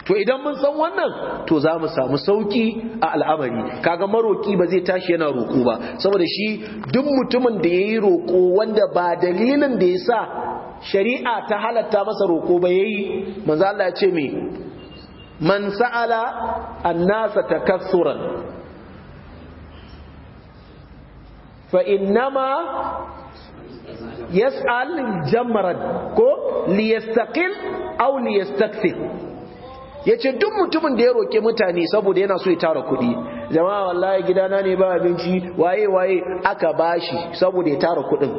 to idan mun san wannan to za mu samu sauki a al'amari kaga maroki ba zai tashi yana roko ba saboda shi duk mutumin da yayi roko wanda ba dalilin da yasa shari'a ta halatta masa roko ba yayi manzo Allah ya ce me man sa'ala annasa takassuran fa innama yas'al jamran ko liyastaqil aw liyastakthir yace duk mutumin da ya roke mutane saboda yana so ya tara kuɗi jama'a wallahi gidana ne ba abinci waye waye aka bashi saboda ya tara kuɗin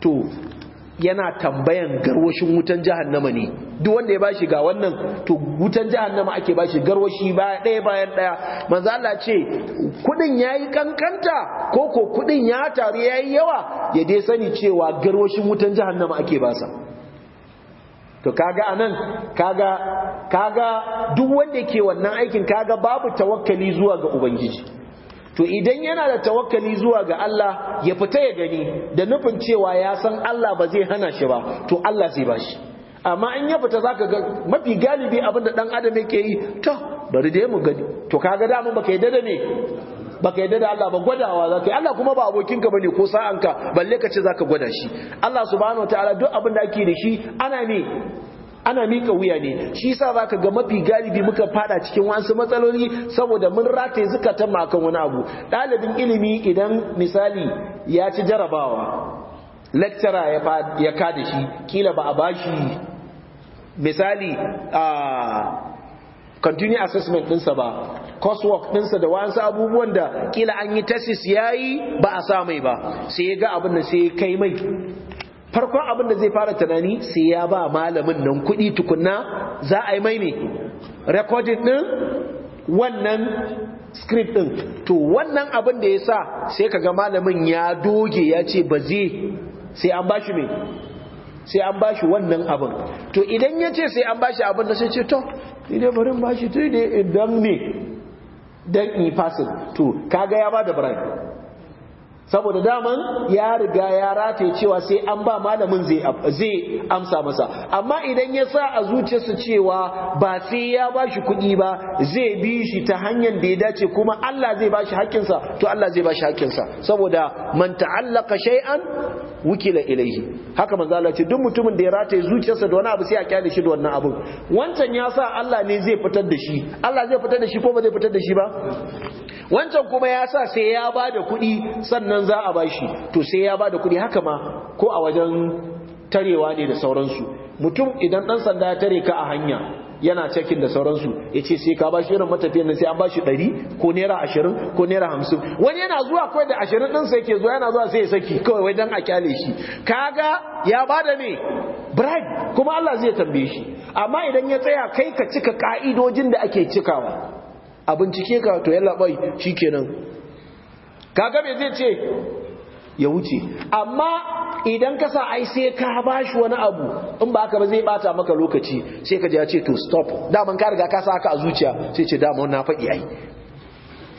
to yana tambayan garwashin wutan jahannama ne duk wanda ya bashi ga wannan to wutan jahannama ake bashi garwashi baya ɗaya bayan ɗaya manzo Allah ce kudin yayi kankanta ko ko kudin ya taru yayi yawa ya dai sani cewa garwashin wutan jahannama ake basa to kaga anan kaga kaga duk wanda ke wannan aikin kaga babu tawakkali zuwa ga ubangiji to idan yana da tawakkali zuwa ga Allah ya fita ya gani da nufin cewa ya san Allah ba zai hana shi ba to Allah zai shi. amma in ya fita zaka ga mafi galibi abin da dan adam yake yi to bari dai mu gani to kaga da mun baka yadda da me baka yadda da Allah ba gwadawa zaka Allah kuma ba abokinka bane ko sa'anka balle ka ce zaka gwada shi Allah subhanahu wataala duk abin da ake da shi ana ne ana mika wuya ne shi yasa zaka ga mafi galibi muka fada cikin wasu matsaloli saboda mun rataye zukatan ma akan wani abu dalibin ilimi idan misali ya ci jarabawa lecturer ya ya kada shi kila ba a bashi misali a continuing assessment ɗinsa ba coursework dinsa da wasu abubuwan da kila an yi thesis yayi ba a sa mai ba sai ya ga abin da sai kai mai farkon abin da zai fara tunani sai ya ba malamin nan kuɗi tukunna za a yi mai ne recording ɗin wannan script ɗin to wannan abin da ya sa sai kaga malamin ya doge ya ce ba zai sai an bashi mai sai an bashi wannan abin to idan ya ce sai an bashi abin da sai ce to idan barin bashi to idan ne dan in fasin to kaga ya ba da bari saboda daman ya riga ya rataye cewa sai an ba malamin zai amsa masa amma idan ya sa a zuciyarsa cewa ba sai ya ba shi kuɗi ba zai bi shi ta hanyar da ya dace kuma Allah zai ba shi haƙƙinsa to Allah zai ba shi haƙƙinsa saboda man ta'allaka shay'an wukila ilaihi haka manzo Allah ce duk mutumin da ya rataye zuciyarsa da wani abu sai a kyale shi da wannan abu wancan ya sa Allah ne zai fitar da shi Allah zai fitar da shi ko ba zai fitar da shi ba wancan kuma ya sa sai ya ba da kuɗi sannan za a bashi to sai ya ba da kuɗi haka ma ko a wajen tarewa ne da sauransu mutum idan dan sanda ya tare ka a hanya yana cekin da sauransu ya ce sai ka ba shi irin matafiyan nan sai an ba shi ɗari ko naira ashirin ko naira hamsin wani yana zuwa kawai da ashirin sai yake zuwa yana zuwa sai ya saki kawai wai don a kyale shi kaga ya ba da me bribe kuma Allah zai tambaye shi amma idan ya tsaya kai ka cika ka'idojin da ake cikawa a bincike ka to yalla bai shikenan kaga me zai ce ya wuce amma idan ka sa ai sai ka bashi wani abu in ba ka ba zai bata maka lokaci sai ka ya ce to stop daman ka riga ka sa haka a zuciya sai ce daman na faɗi ai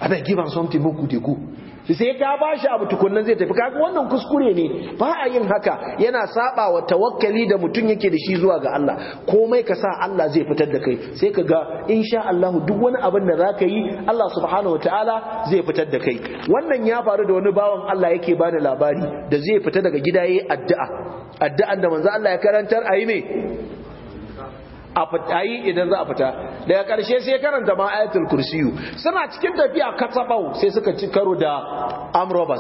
abeg give am something book we sai ka shi abu tukunnan zai tafi kaga wannan kuskure ne ba a yin haka yana saba wa tawakkali da mutum yake da shi zuwa ga Allah komai ka sa Allah zai fitar da kai sai ka ga insha Allah duk wani abin da zaka yi Allah subhanahu wataala zai fitar da kai wannan ya faru da wani bawan Allah yake bani labari da zai fita daga gida yayin addu'a da manzo Allah ya karantar ayi me a yi idan za a fita daga karshe sai karanta ma ayatul kursiyu suna cikin tafiya katsabau sai suka ci karo da amrobas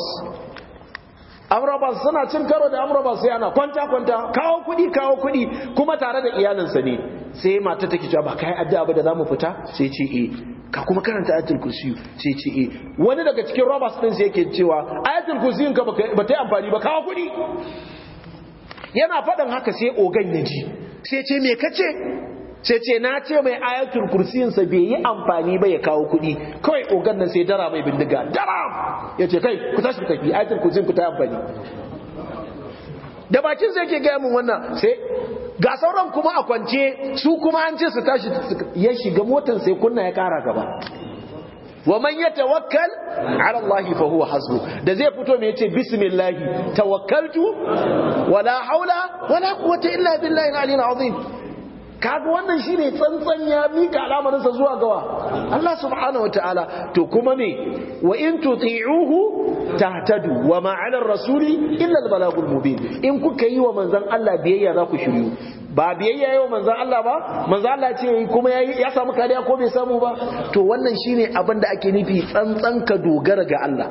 amrobas suna cin karo da amrobas sai ana kwanta kwanta kawo kuɗi kawo kuɗi kuma tare da iyalinsa ne sai mata take cewa ba kai addu'a ba da zamu fita sai ce e ka kuma karanta ayatul kursiyu sai ce e wani daga cikin robas din sai yake cewa ayatul kursiyun ka ba ta yi amfani ba kawo kuɗi yana faɗin haka sai ogan ya ji sai ce me kace sai ce na ce mai ayatul kursiyinsa bai yi amfani ba ya kawo kuɗi kawai ogan nan sai dara mai bindiga dara ya ce kai ku tashi tafi ayatul kursiyin ku ta amfani da bakin sai ke gaya min wannan sai ga sauran kuma a kwance su kuma an ce su tashi ya shiga motar sai kunna ya kara gaba wa man yatawakkal ala Allah fa huwa hasbu da zai fito me yace bismillah tawakkaltu wala haula wala quwwata illa billahi al-aliyyil kaga wannan shine tsantsan ya mika al'amarinsa zuwa gawa Allah subhanahu wataala to kuma ne wa in tuti'uhu tahtadu wa ma 'ala ar-rasuli illa al-balagul mubin in kuka yi wa manzon Allah biyayya za ku shiryu ba biyayya yau manzon Allah ba manzon Allah ce kuma ya samu kariya ko bai samu ba to wannan shine abin da ake nufi tsantsan ka dogara ga Allah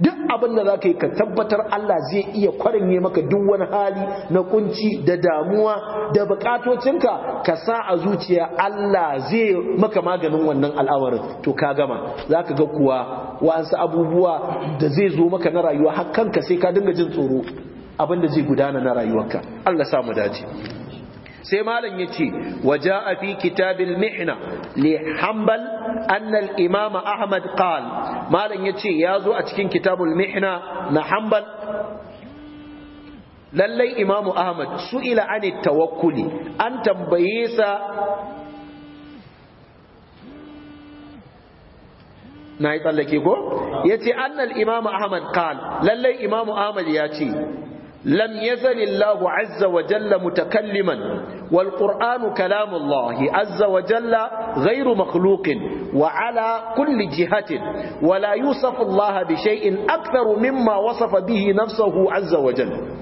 duk abin da za ka yi ka tabbatar Allah zai iya ne maka duk wani hali na kunci da damuwa da bukatocinka ka sa a zuciya Allah zai maka maganin wannan al'awarin to ka gama za ka ga kuwa wasu abubuwa da zai zo maka na rayuwa har kanka sai ka dinga jin tsoro abin da zai gudana na rayuwarka Allah sa mu dace sai malam waje a fi kitabil mihna li hanbal anna al imam ahmad qal malam ya zo a cikin kitabul mihna na hanbal lallai imamu ahmad su su'ila anit tawakkuli an tambaye sa na yi tsallake ko ya ce annal imamu ahmad kal lallai imamu ahmad ya ce لم يزل الله عز وجل متكلما والقرآن كلام الله عز وجل غير مخلوق وعلى كل جهة ولا يوصف الله بشيء أكثر مما وصف به نفسه عز وجل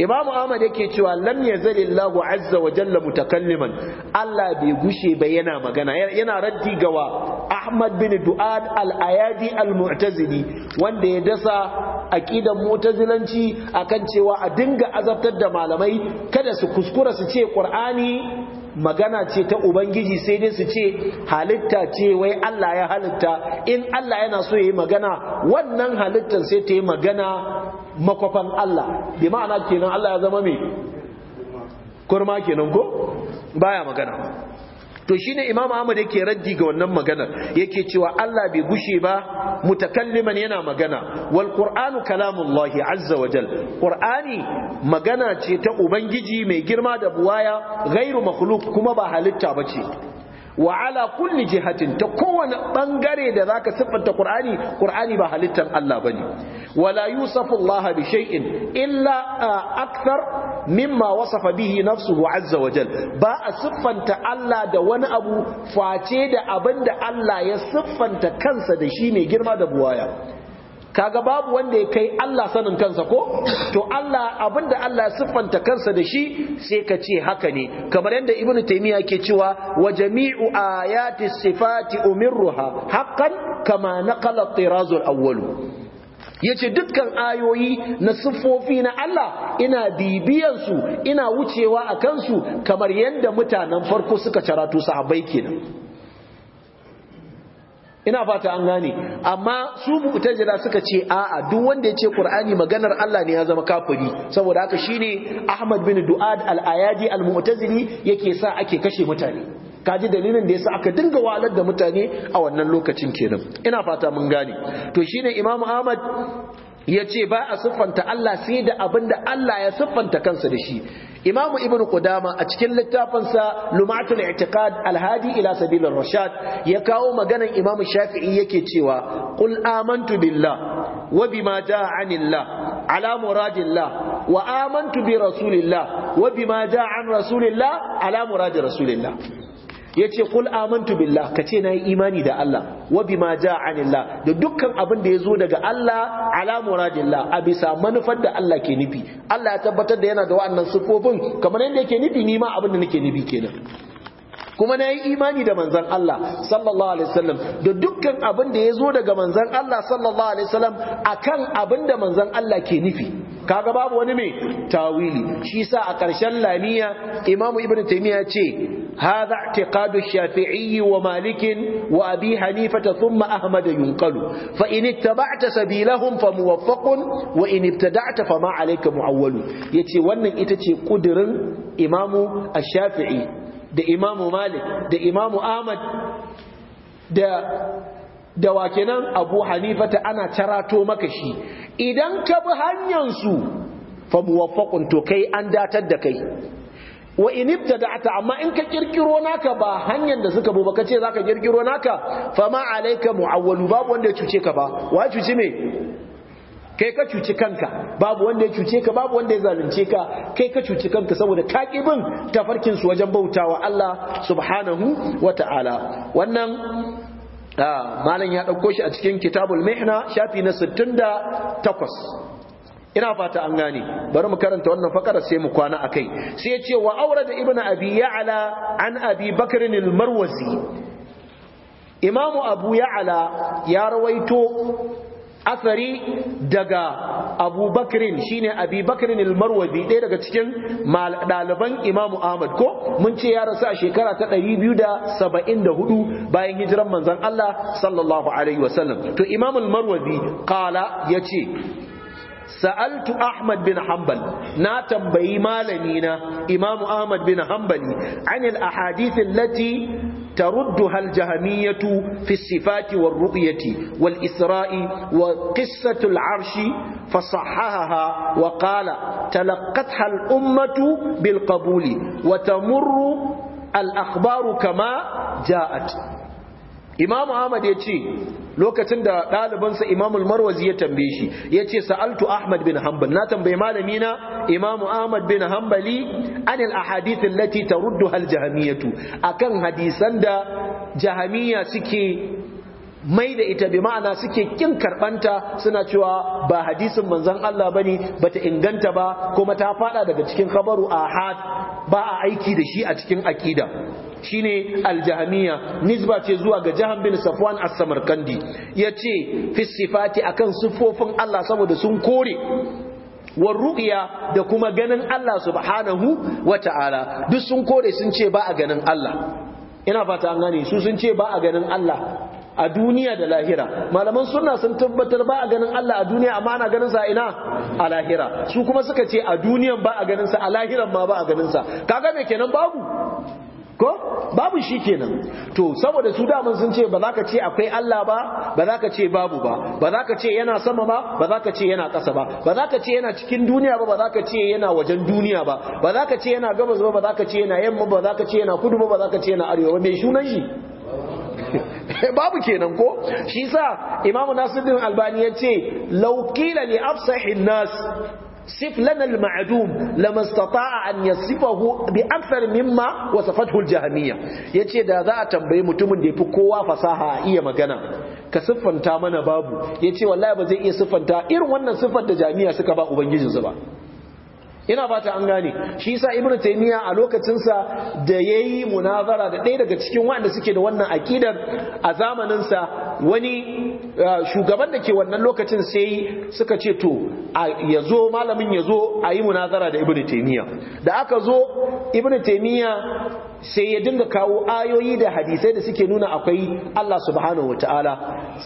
Imam Ahmad yake cewa lam yazalillahu azza wa jalla mutakalliman Allah bai gushe ba yana magana yana raddi gawa Ahmad bin Duad al-Ayadi al-Mu'tazili wanda ya dasa aqidan mutazilanci akan cewa a dinga azabtar da malamai kada su kuskura su ce qur'ani magana ce ta ubangiji sai dai su ce halitta ce wai Allah ya halitta in Allah yana so yayi magana wannan halittar sai ta yi magana makwafan Allah bi ma'ana kenan Allah ya zama mai, kurma kenan ko baya magana to shine imam ahmad yake raddi ga wannan maganar yake cewa Allah bai gushe ba mutakalliman yana magana wal qur'anu kalamullahi azza wa jal qur'ani magana ce ta ubangiji mai girma da buwaya ghairu makhluq kuma ba halitta bace wa ala kulli jihatin ta kowane bangare da zaka siffanta qur'ani qur'ani ba halittar Allah bane wala yusafu Allah bi shay'in illa akthar mimma wasafa bihi nafsuhu azza wa jal ba a siffanta Allah da wani abu face da abinda Allah ya siffanta kansa da shi mai girma da buwaya kaga babu wanda ya kai Allah sanin kansa ko to Allah abinda Allah ya siffanta kansa da shi sai ka ce haka ne kamar yadda ibnu taymiya ke cewa wa jami'u ayati sifati umirruha haqqan kama naqala at-tiraz al-awwal yace dukkan ayoyi na siffofi na Allah ina bibiyan su ina wucewa akan su kamar yadda mutanen farko suka caratu sahabbai kenan ina fata an gane amma su mu'tazila suka ce a'a duk wanda ya ce qur'ani maganar Allah ne ya zama kafiri saboda haka shine Ahmad bin Duad al-Ayadi al-Mu'tazili yake sa ake kashe mutane kaji dalilin da yasa aka dinga walar da mutane a wannan lokacin kenan ina fata mun gane to shine Imam Ahmad ya ce ba a siffanta Allah sai da abin da Allah ya siffanta kansa da shi imamu ibn qudama a cikin littafinsa lumatul i'tiqad alhadi ila sabilir rashad ya kawo maganan imamu shafi'i yake cewa qul amantu billah wa bima jaa anillah ala muradillah wa amantu bi rasulillah wa bima jaa an rasulillah ala muradi rasulillah ya ce kul amantu billah na yi imani da Allah wa ma ja anillah da dukkan abin da ya zo daga Allah ala muradillah a bisa manufar da Allah ke nufi Allah ya tabbatar da yana da wa'annan sifofin kamar yadda yake nufi ni ma abin da nake nufi kenan kuma na yi imani da manzan Allah sallallahu alaihi wasallam da dukkan abin da ya zo daga manzan Allah sallallahu alaihi wasallam akan abin da manzan Allah ke nufi kaga babu wani mai tawili shi sa a ƙarshen lamiya imamu ibnu taymiya ce hadha i'tiqadu shafi'i wa Malikin wa abi hanifa thumma ahmad yunqalu fa in ittaba'ta sabilahum fa muwaffaqun wa in ibtada'ta fa ma alayka muawwalu yace wannan ita ce kudirin imamu ash-shafi'i da imamu malik da imamu ahmad da da abu hanifa ta ana carato maka shi idan ka bi hanyarsu fa muwaffaqun to kai an datar da kai wa in ibtada'ta amma in ka kirkiro naka ba hanyar da suka bi ba kace zaka kirkiro naka fa ma alayka muawwalu babu wanda ya cuce ka ba wa cuce me kai ka cuci kanka babu wanda ya cuce ka babu wanda ya zalunce ka kai ka cuci kanka saboda ka bin tafarkin su wajen bautawa Allah subhanahu wata'ala wannan malam ya ɗauko shi a cikin kitabul mihna shafi na 68 ina fata an gane bari mu karanta wannan fakara sai mu kwana akai sai ya ce wa aurada ibnu abi ya'ala an abi bakr al-marwazi imamu abu Ya'ala ya rawaito asari daga abubakrin shine abubakrin al-marwazi ɗaya daga cikin ɗaliban imamu ahmad ko mun ce ya rasu a shekara ta ɗari biyu da da 274 bayan hijiran manzon Allah sallallahu alaihi to imamu al-marwazi ya ce. سألت أحمد بن حنبل ناتم بيمالنينا إمام أحمد بن حنبل عن الأحاديث التي تردها الجهمية في الصفات والرؤية والإسراء وقصة العرش فصححها وقال تلقتها الأمة بالقبول وتمر الأخبار كما جاءت imamu ahmad ya ce lokacin da ɗalibansa imamul marwazi ya tambaye shi ya ce sa'altu ahmad bin hanbal na tambaye malamina imamu ahmad bin hanbali anil lati ta ruddu hal jahamiyatu akan hadisan da jahamiya suke mai da ita bi ma'ana suke kin karbanta suna cewa ba hadisin manzon Allah bane bata inganta ba kuma ta fada daga cikin khabaru ahad ba a aiki da shi a cikin aqida shine aljahmiya nisba ce zuwa ga jahan bin safwan as-samarkandi yace fi sifati akan sifofin Allah saboda sun kore wa ru'ya da kuma ganin Allah subhanahu wa ta'ala duk sun kore sun ce ba a ganin Allah ina fata an gane su sun ce ba a ganin Allah a duniya da lahira malaman suna sun tabbatar ba a ganin Allah a duniya amma ana ganin sa ina a lahira su kuma suka ce a duniyan ba a ganin sa a lahiran ma ba a ganin sa kaga me kenan babu ko babu shi kenan to saboda su daman sun ce ba za ka ce akwai Allah ba ba za ka ce babu ba ba za ka ce yana sama ba ba za ka ce yana ƙasa ba ba za ka ce yana cikin duniya ba ba za ka ce yana wajen duniya ba ba za ka ce yana gabas ba ba za ka ce yana yamma ba za ka ce yana kudu ba ba za ka ce yana arewa ba me sunan shi babu kenan ko shi sa imamu nasiruddin albani ya ce laukila li afsahin nas sif al-ma'dum lama istata'a an yasifahu bi akthar mimma fathul jami'a. yace da za a tambayi mutumin da ya fi kowa fasaha a iya magana ka siffanta mana babu yace wallahi ba zai iya siffanta irin wannan siffar da jami'a suka ba ubangijinsu ba ina fata an gane shi yasa ibnu taymiya a lokacinsa sa da yayi munazara da ɗaya daga cikin waɗanda suke da wannan akidar a zamaninsa wani uh, shugaban da ke wannan lokacin sai suka ce to yazo malamin ya zo a yi munazara da ibnu taymiya da aka zo ibnu taymiya sai ya dinga kawo ayoyi da hadisai da suke nuna akwai Allah subhanahu wataala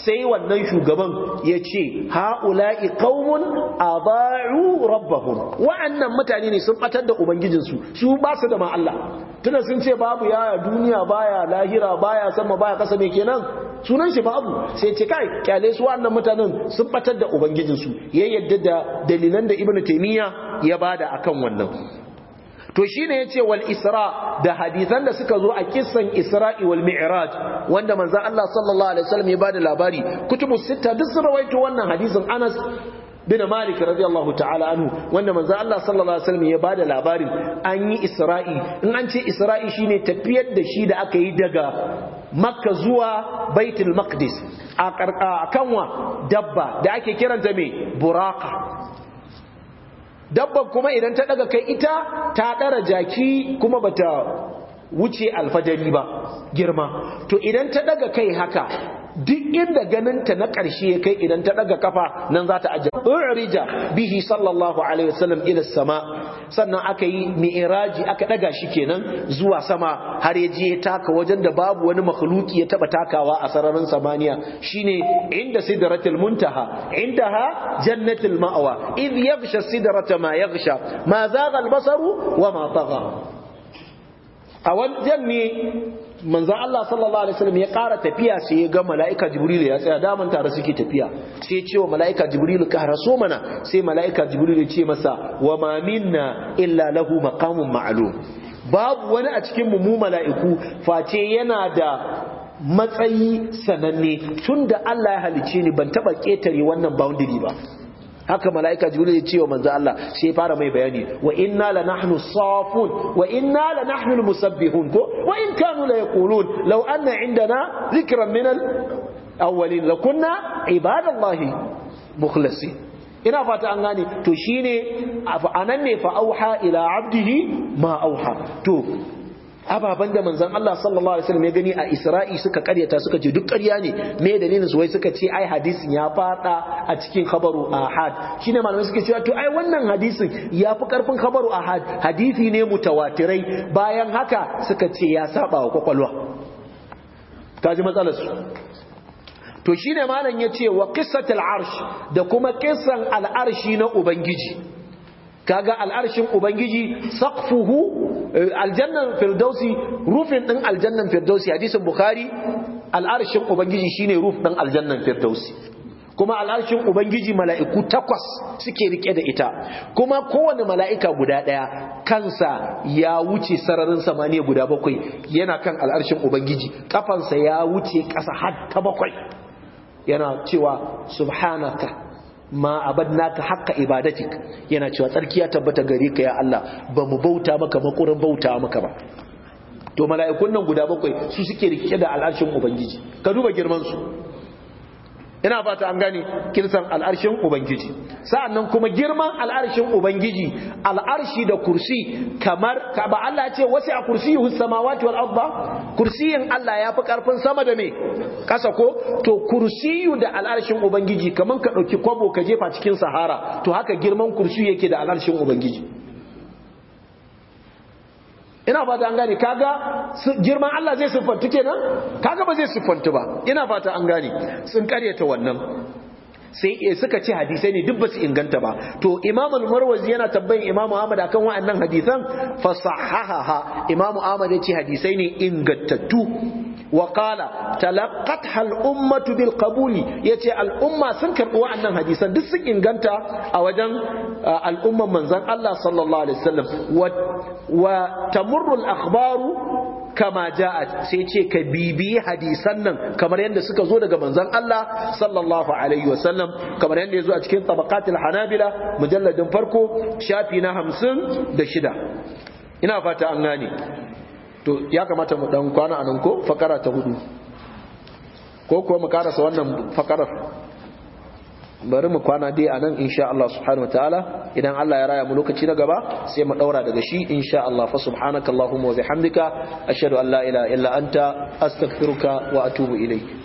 sai wannan shugaban ya ce ha'ula'i qaumun aba'u rabbahum wa'annan mutane ne sun batar da ubangijinsu su ba su da ma Allah tunda sun ce babu yaya duniya baya lahira baya sama baya kasa me kenan sunan shi babu sai ce kai kyale su wannan mutanen sun batar da ubangijinsu ya yadda da dalilan da ibnu taymiya ya bada akan wannan to shine ce wal isra da hadisan da suka zo a kissan isra'i wal mi'raj wanda manzo Allah sallallahu alaihi wasallam ya bada labari kutubu sita duk sun rawaito wannan hadisin Anas bin Malik radiyallahu ta'ala anhu wanda manzo Allah sallallahu alaihi wasallam ya bada labarin an yi isra'i in an ce isra'i shine tafiyar da shi da aka yi daga makka zuwa baitul maqdis a kanwa dabba da ake kiranta mai buraka dabbar kuma idan ta daga kai ita ta dara jaki kuma bata wuce alfajari ba girma to idan ta daga kai haka duk inda ganin ta na ƙarshe ya kai idan ta ɗaga kafa nan za ta aje. urija bihi sallallahu alaihi wasallam ila sama sannan aka yi mi'raji aka ɗaga shi kenan zuwa sama har ya je taka wajen da babu wani makhluki ya taba takawa a sararin samaniya shine inda sidratul muntaha inda ha jannatul ma'wa idh yaghsha sidrata ma yaghsha ma zagha al-basaru wa ma tagha a wajen ne manzan Allah sallallahu alaihi wasallam ya ƙara tafiya sai ya ga mala'ika jibrilu ya tsaya daman tare suke tafiya sai ce wa mala'ika jibrilu ka raso mana sai mala'ika jibrilu ya ce masa wa ma minna illa lahu maqamun ma'lum babu wani a cikin mu mala'iku face yana da matsayi sananne tunda Allah ya halicce ni ban taɓa ƙetare wannan boundary ba haka mala'ika jibril ya ce wa manzo Allah sai fara mai bayani wa inna la nahnu safun wa inna la nahnu musabbihun ko wa in kanu la yaqulun law anna indana dhikran min al awwalin la kunna ibadallahi mukhlasin ina fata an gane to shine anan ne fa auha ila abdihi ma auha to Ababan da manzon Allah sallallahu alaihi wasallam ya gani a Isra'i suka karyata suka ce duk ƙarya ne me dalilin su wai suka ce ai hadisin ya fada a cikin khabaru ahad shine malamai suke cewa to ai wannan hadisin ya fi karfin khabaru ahad hadisi ne mutawatirai bayan haka suka ce ya saba wa kwakwalwa kaji matsalar su to shine malam ya ce wa qissatul arsh da kuma kissan al'arshi na ubangiji kaga al'arshin ubangiji saqfuhu eh, aljannan firdausi rufin din aljannan firdausi hadisin bukhari al'arshin ubangiji shine ruf din aljannan firdausi kuma al'arshin ubangiji mala'iku takwas suke rike da ita kuma kowane mala'ika guda daya kansa ya wuce sararin samaniya guda bakwai yana kan al'arshin ubangiji kafansa ya wuce kasa har ta bakwai yana cewa subhanaka ma abadnaka haqqa ibadatik yana cewa tsarki ya tabbata gare ka ya Allah ba mu bauta maka makurin bauta maka ba to mala'ikun nan guda bakwai su suke rike da al'arshin ubangiji ka duba girman su ina fata an gane kirsan al'arshin ubangiji sa'an nan kuma girman al'arshin ubangiji al'arshi da kursi kamar ba Allah ya ce wasi a kursiyuhu samawati wal arda kursiyin Allah ya fi karfin sama da me kasa ko to kursiyu da al'arshin ubangiji kaman ka ɗauki kwabo ka jefa cikin sahara to haka girman kursi yake da al'arshin ubangiji ina fata an gane kaga girman Allah zai siffantu kenan kaga ba zai siffantu ba ina fata an gane sun karyata wannan sai eh, suka ce hadisai ne duk basu inganta ba to imam al-marwazi yana tabbayin imam ahmad akan wa'annan hadisan fa sahahaha imam ahmad ya ce hadisai ne ingantattu Waƙala, qala hal'ummatu bil ummatu ya ce yace al'umma sun karɓo wa'annan hadisan duk sun inganta a wajen al'umman manzon Allah sallallahu alaihi wasallam wa tamurru akhbaru kama ja'at sai ce ka bibiyi hadisan nan kamar yadda suka zo daga manzan Allah sallallahu alaihi wasallam kamar yadda yazo a cikin tabaqatul hanabila mujalladin farko shafi na hamsin da shida ina fata an gane to ya kamata mu dan kwana anan ko fakara ta hudu ko kuwa mu karasa wannan fakarar bari mu kwana dai anan insha Allah subhanahu wataala idan Allah ya raya mu lokaci na gaba sai mu daura daga shi insha Allah fa subhanakallahumma wa bihamdika ashhadu an la ilaha illa anta astaghfiruka wa atubu ilayk